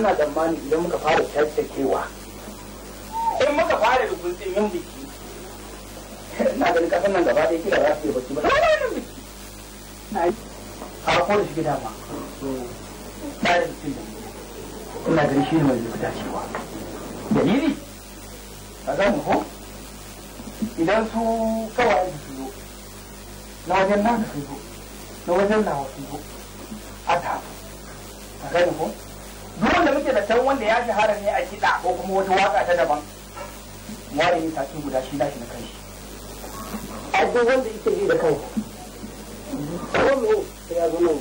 ana tsammani idan muka fara tattakewa in muka fara da gutsin yin biki na ganin kasan nan gaba ɗaya kira za su yi baki ba na yin biki a ko da shi gida ma da su ina ganin shi ne mai zuwa dacewa dalili a za mu ko idan su kawai su zo na wajen nan su zo na wajen nawa su zo a tafi a gani ko duk wanda muke da san wanda ya shahara ne a kiɗa ko kuma wata waka ta daban ware yin satin guda shi nashi na kanshi a duk wanda yake yi da kansa ko me ya zo nan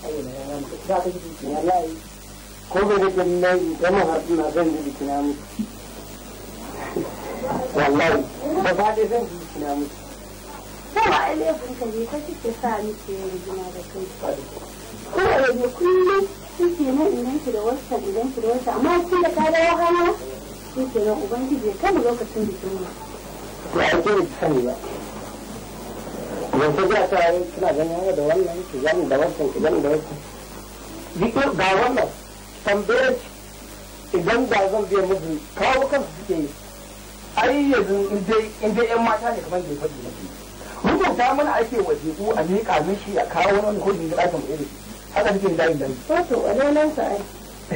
ne da ka ji kina layi ko bai da jin layi da mun har ina zan ji kina mu wallahi ba ba da zan ji kina mu ko ba ai ne kun ka ne kake sa ni ke rigima da kai ko a yanzu kullum suke nan idan ki da wasa idan ki da wasa amma kin da ka dawo hana suke nan ubangiji ya kama lokacin da mu ba a ce ki sani ba yanzu ga ta yi kina ganin da wannan ki zan da wasan ki zan da wannan diko ga wannan tambayar idan da zan biya musu kawo kansu suke yi ai yanzu in dai yan mata ne kamar da ya faɗi mutunta mana ake wasiƙu a miƙa mishi a kawo wani kudi da ɗakin mu irin haka cikin layi layi ko to walalan sa ai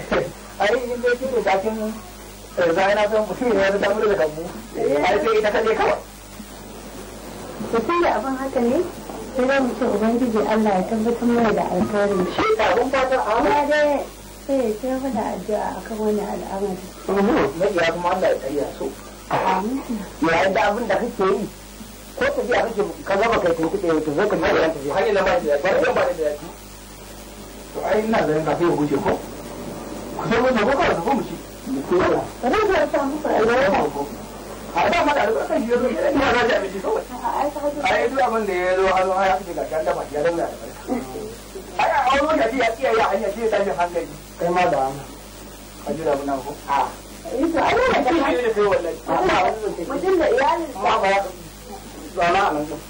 ai in dai kin da kin da na son mutum ne ya damu da kabu eh. ai sai ita kaje kawai to sai da abin haka ne sai da mutum ubangiji Allah ya tabbatar mana da alkhairin shi da abin fata a ma dai sai ya ce fa da addu'a akan wani al'amari ne ya kuma Allah ya tsaya so Amin. ya yadda abin da kake yi ko tafiya kake ka zama kai ko kuɗe to zai ka mai yanka har ina ma da ba da ba da to ai ina da ya ne zo hannu ya danna ya tsiya ya hanya shi ya tashi a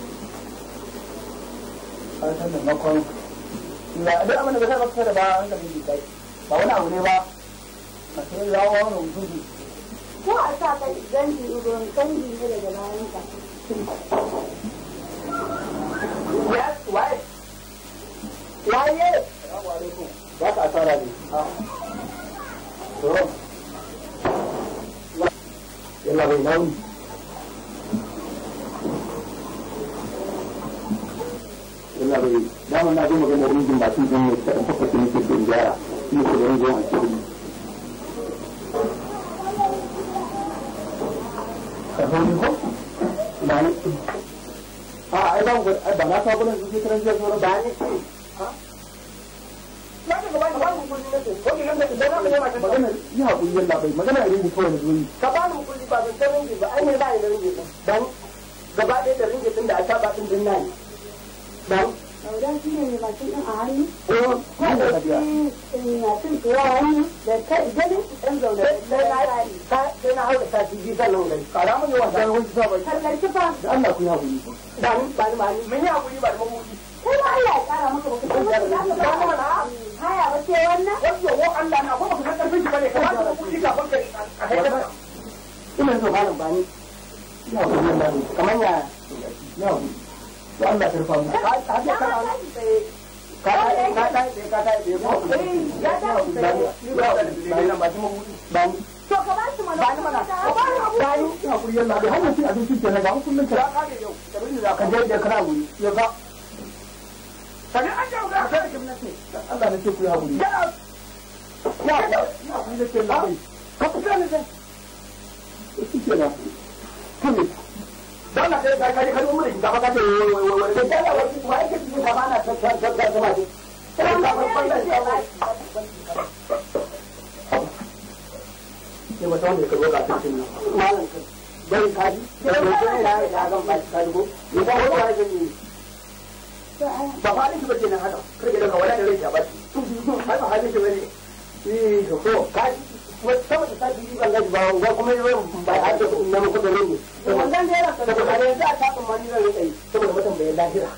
an san da makon ya duk abin da ba zai da ba an da bai kai ba wani abu ne ba a cikin lawa wani hudu ko a sa ka zanji ruwan canji ne daga bayan ka yes why waye assalamu alaikum ba ka asara ne to yalla bai nauni yana bai dama na zo magana ringin ba sun zan yadda in fafa sun yake don gyara ne da ringin a cikin ka zo ba ni a ai ba ba na ta gurin zuke kiran jiya sauran ba ni ce magana yi haƙuri yalla na zoyi ka ba mukulli ba zan ta ringi ba ai ne ba ni na ba dan gaba ɗaya da ringi ɗin da a taɓa ɗin din na ne ba Dauda shi ne mai mashin Ina so malam Ina Kamar ya. Ina da Allah karfa mu ka ka ka ka ka ta yi ko ya ta ba ba ba ba to ka ba su ba ni ba ni ba ni hakuri yalla da hanyar cin abinci ke nan ga kullun ka ka ne yau da bin da ka je da kana wuri ya ka sani an yau da ka rikin nake Allah ne ce ku ya wuri ya ya ya ku ne ce labai ka ku ne ce ke na wannan sai ka kare kan umuri ka faka ce wai wai wai da Allah wai ma yake cikin ka ana tattar tattar kuma ce sai Allah wai ban da shi Allah ne wata wanda ka roƙa ta cin nan malam ka dan ka ji da roƙo da ya ga ba ka dubo ne ba wai ka ji ba ba ne ba kenan haka kake daga wani da rai ya ba su su ba halin shi bane eh ko ka ji wasu sama da sake yi ban gaji ba wa kuma yi ba a da kuɗin nan kuɗin rage to wannan da yana sanar da yanzu a takan ma ni zan rika yi saboda mutum bai lahira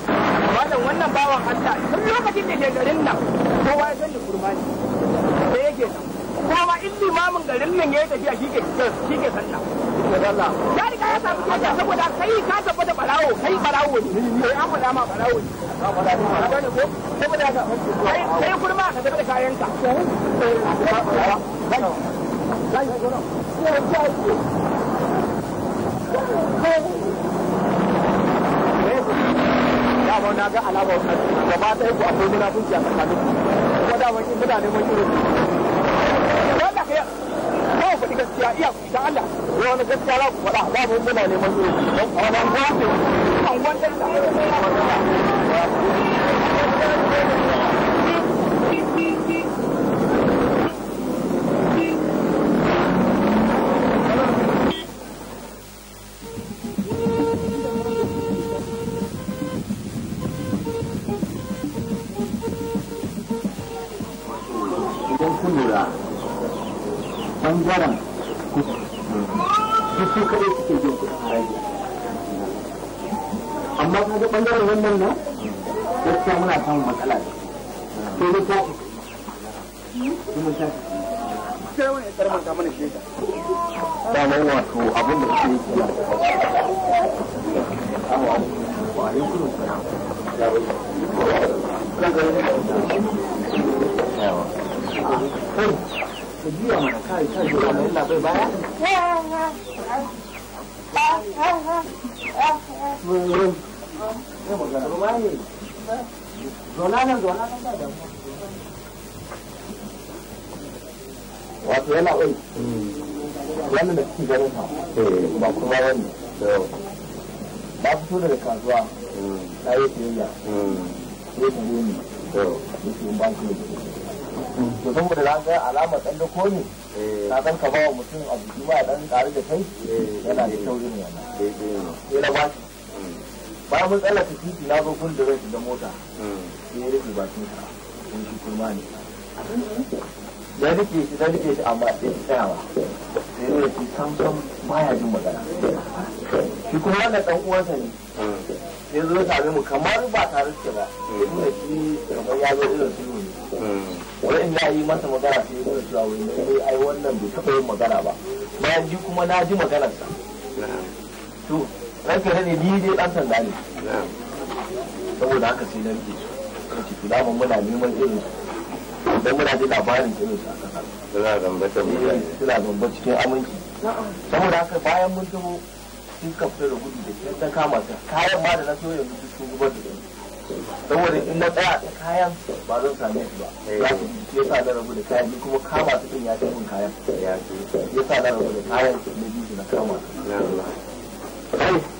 wannan wannan bawan Allah tun lokacin da ke garin nan kowa ya sani kurmani da yake nan kuma in limamin garin nan ya yi tafiya shi ke sanna ya riga ya samu kyauta saboda kai ka tabbata barawo kai barawo ne kai an faɗa ma barawo ne ko kai kurma ka tafi da kayanka Thank you. yau na ga alamar gaba ta ku akwai munafunci a tsakanin kuma da wani muna neman irin wanda ka kawai faɗi gaskiya iya ku ta Allah ya wani gaskiya za ku faɗa ba mu muna neman irin don a wani gwace an gwace da nan ne gaskiya muna samun matsala ne ne kuma ta sai wani mana shi da mai wato abin da shi yake na wa waye zona nan zona nan ba damuwa wato yana wai wannan da cikin garin sa ba kuma wani ba fito daga kasuwa na yi siyayya ko ta ne da ke banki to saboda na ga alamar ɗan dako ne na san ka ba wa mutum abu ma dan tare da kai yana da kyau yin bayan mun tsallaka titi na ba kun da zai shiga mota hmm. sai ya rufe bakin sa kun shi kurma ne ya rike shi ta rike shi amma sai ta tsayawa sai ya ce sam sam baya jin magana shi kuma wannan dan uwansa ne hmm. sai zo tare mu kamar ba tare suke ba kuma shi kamar ya zo irin su ne hmm. wani ya yi masa magana sai ya zo cewa wani ne ai wannan bai taɓa yin magana ba bayan ji kuma na ji maganarsa to sai fere ne ni dai dan sanda ne saboda haka sai na rike su ciki da mun muna neman irin su dan muna da labarin irin su a kasa suna zamba ta eh, mutane suna zamba cikin aminci saboda haka bayan mun taho sun ka fita da gudu da kai ta kama ta kayan ma da na so yanzu duk sun gubar da saboda in na tsaya da kayan ba zan same su ba eh. ya fi ya sa na rabu da kayan ni kuma kama su din ya ce min kayan ya sa na rabu da kayan na biyu na kama su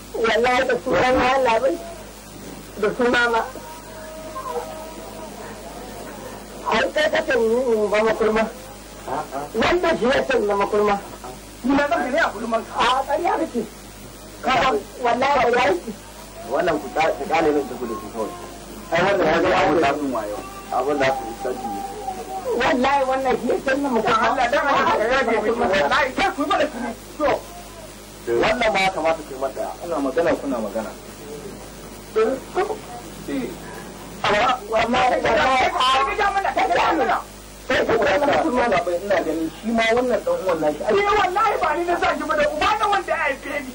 wallahi da su kan Allah bai da su mama har kai ka ni in ba makurma wanda shi ya tanna makurma ni ma ban a kurman a ƙarya kake ka wallahi da yi wannan ku ta kale min ku da su kawai ai wannan ya zama abun da sun wayo abun da sun sani wallahi wannan shi ya tanna makurma Allah dan Allah ya rabe mu wallahi kai ku ba da su to Eh, wannan ba kamata ku mata ana magana kuna magana eh, ina ganin shi ma wannan dan uwan nashi ai eh, wallahi ba ni na sa shi da uba na wanda ya haife ni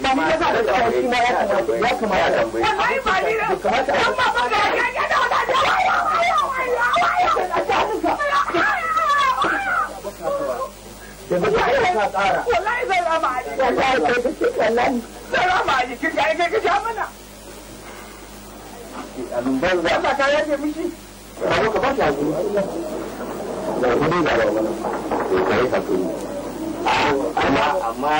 ba ni na sa da uba shi ma ya kamata ya kamata wallahi ba ni na kamata amma ba ga ga ga da da da wa ya wa ya wa ya wallahi ka tsara wallahi zai rama a jiki wallahi ka jiki wallahi zai rama a mana mishi ka ba shi hakuri da kuma da ba wani kai hakuri amma amma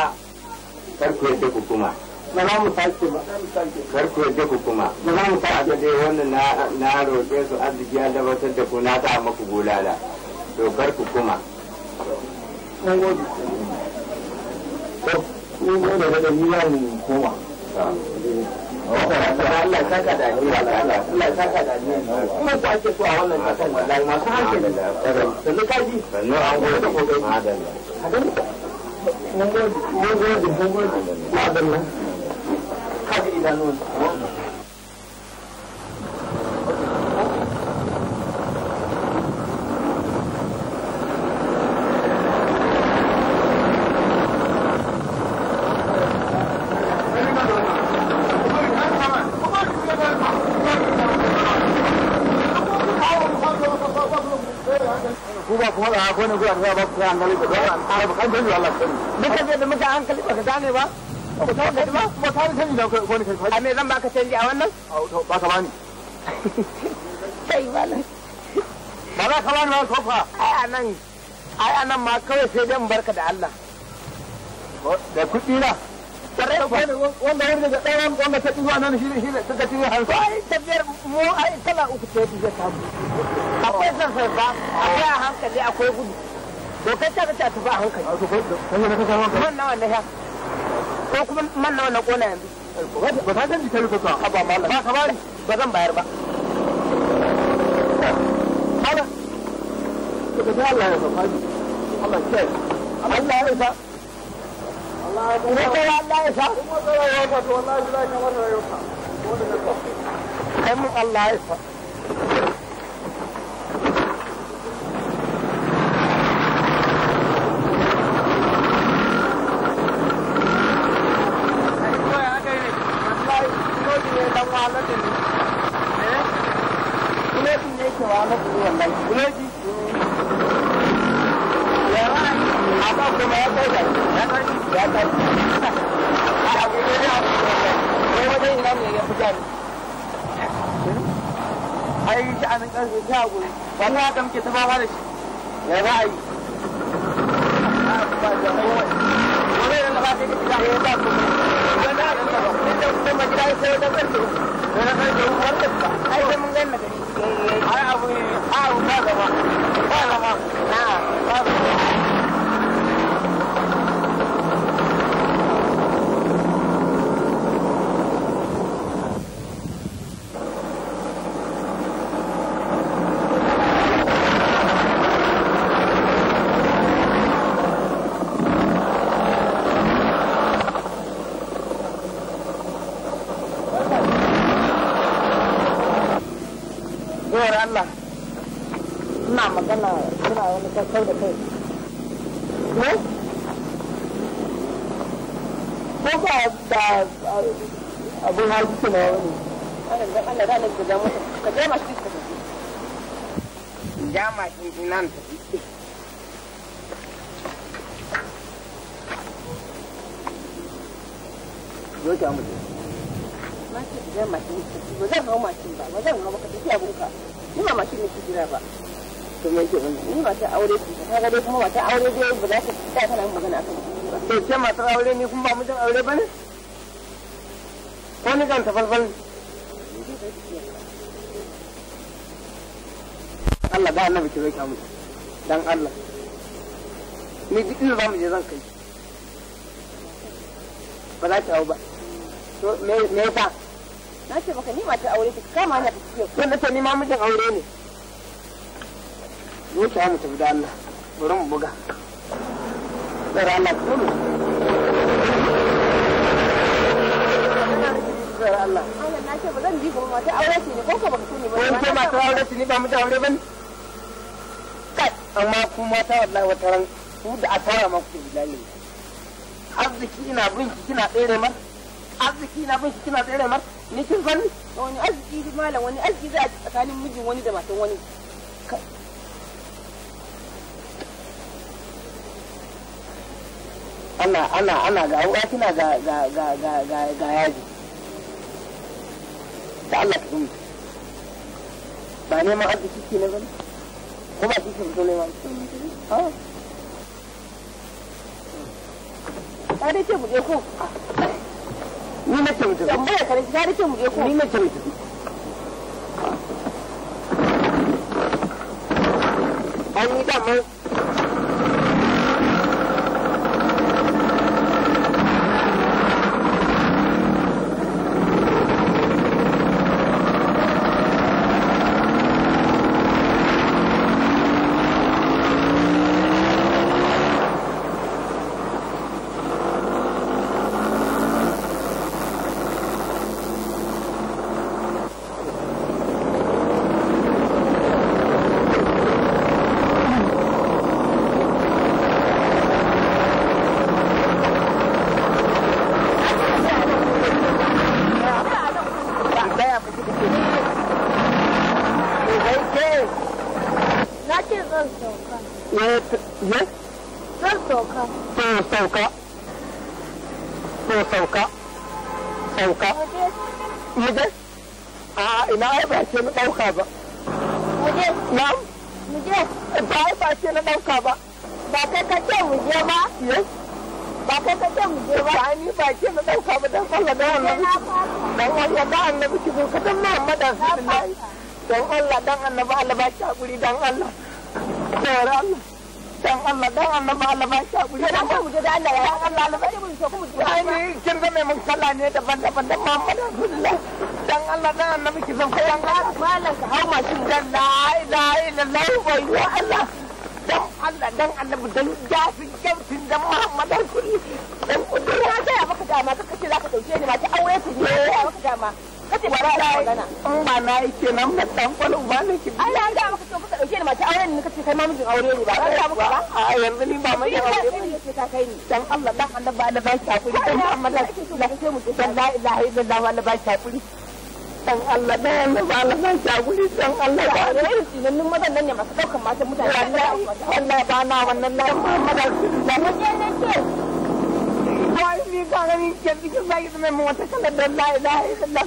kar ku yadda ku kuma za mu sake ba kar yadda za mu sake dai wannan na na roƙe su arziki ya dabatar da ku na ta maku bulala to kar ku kuma mun a zuwa ya ba ku hankali da dole an fara bukatar da Allah duka zai da muka hankali ba ka gane ba ba ta gani ba ba ta canji da ko ne kai a me zan canji a wannan ba ka bani kai malam ba za ka bani ba ko fa ai anan ai anan ma kawai sai dan barka da Allah da kuɗi na wanda ya daga ɗaya wanda ta ɗi zuwa nan shi ne shi ne ta ta ɗi hansu. Ai tafiyar mu ai tala uku ta yi ta samu. Akwai son akwai a hankali, akwai gudu. to kai ta kace a tafi a hankali a tafi wannan man nawa ne ya ko kuma man nawa na kona yanzu ba ta san jikari ko ka ba mallam ba ka bari ba zan bayar ba ala to da Allah ya fafa Allah ya Allah ya isa Allah ya Allah ya sa. Allah ya wallahi haka muke ta fama da shi ya za a yi Ai abu ne, abu ba gaba, ba gaba, na ba gaba. abin har kuma wani Allah da Allah ka ja mota ka ma mashi ka ja mashi nan zo ki amince mashi ka ja mashi ba zan hau mashin ba ba zan hau maka tafi abinka ni ba mashin ne ki jira ba to me yake wani ni ba ta aure ki ta ga dai kuma ba ta aure dai ba za ta ta kana magana akan ki ba to ke matar aure ni kuma ba mutum aure ba ne ko ni kan tafalfal Allah da annabi ki roƙa mu dan Allah ni duk inda zamu je zan kai ba za ta hau ba to me me ta na ce maka ni ta aure ki kama na tafiya ko na ce ni ma mijin aure ne mu ta mu tafi da Allah bari mu buga tsara Allah ku bayar Allah da a tara ma ku da matan ana ana ga uwa kina ga ga yaji da Allah ta sani ba neman arziki ke na zama ko ba kike fito neman ta da ce mu je ko ni na ce mutu tambaya ka ta da ce mu ko ni na ce mutu an yi damar lalaban ta guri kana ta muje da Allah ya kan lalaban mun so kuma ta ai kin ga mai mun kalla ne daban daban da Muhammad Rasulullah dan Allah dan annabi ki san koyan ga malam ka hau mashin dan la ilaha illallah wa ya Allah dan Allah dan annabi dan dafin kyautin dan Muhammad Rasulullah dan kudura ta ya maka dama kaka ce zaka dauke ni ma ki aure ki ne ya maka dama kace ba za magana in ba na yi kenan ba dan kwalo ba ne ki ai an ga maka so ka dauke ni mata auren ne kace kai ma aure ne ba ka ga maka ba a yanzu ni ba mai aure ne kace ka kai ni dan Allah dan Allah ba Allah ba ki hakuri dan Muhammad da kake mu dan la ilaha illallah Allah ba ki dan Allah dan Allah Allah ba ki dan Allah ba ne tsinanin mazan nan ne masu daukan mutane Allah ba na wannan dan Muhammad da kake ne ce kawai shi ka gani ke cikin zaki ilaha illallah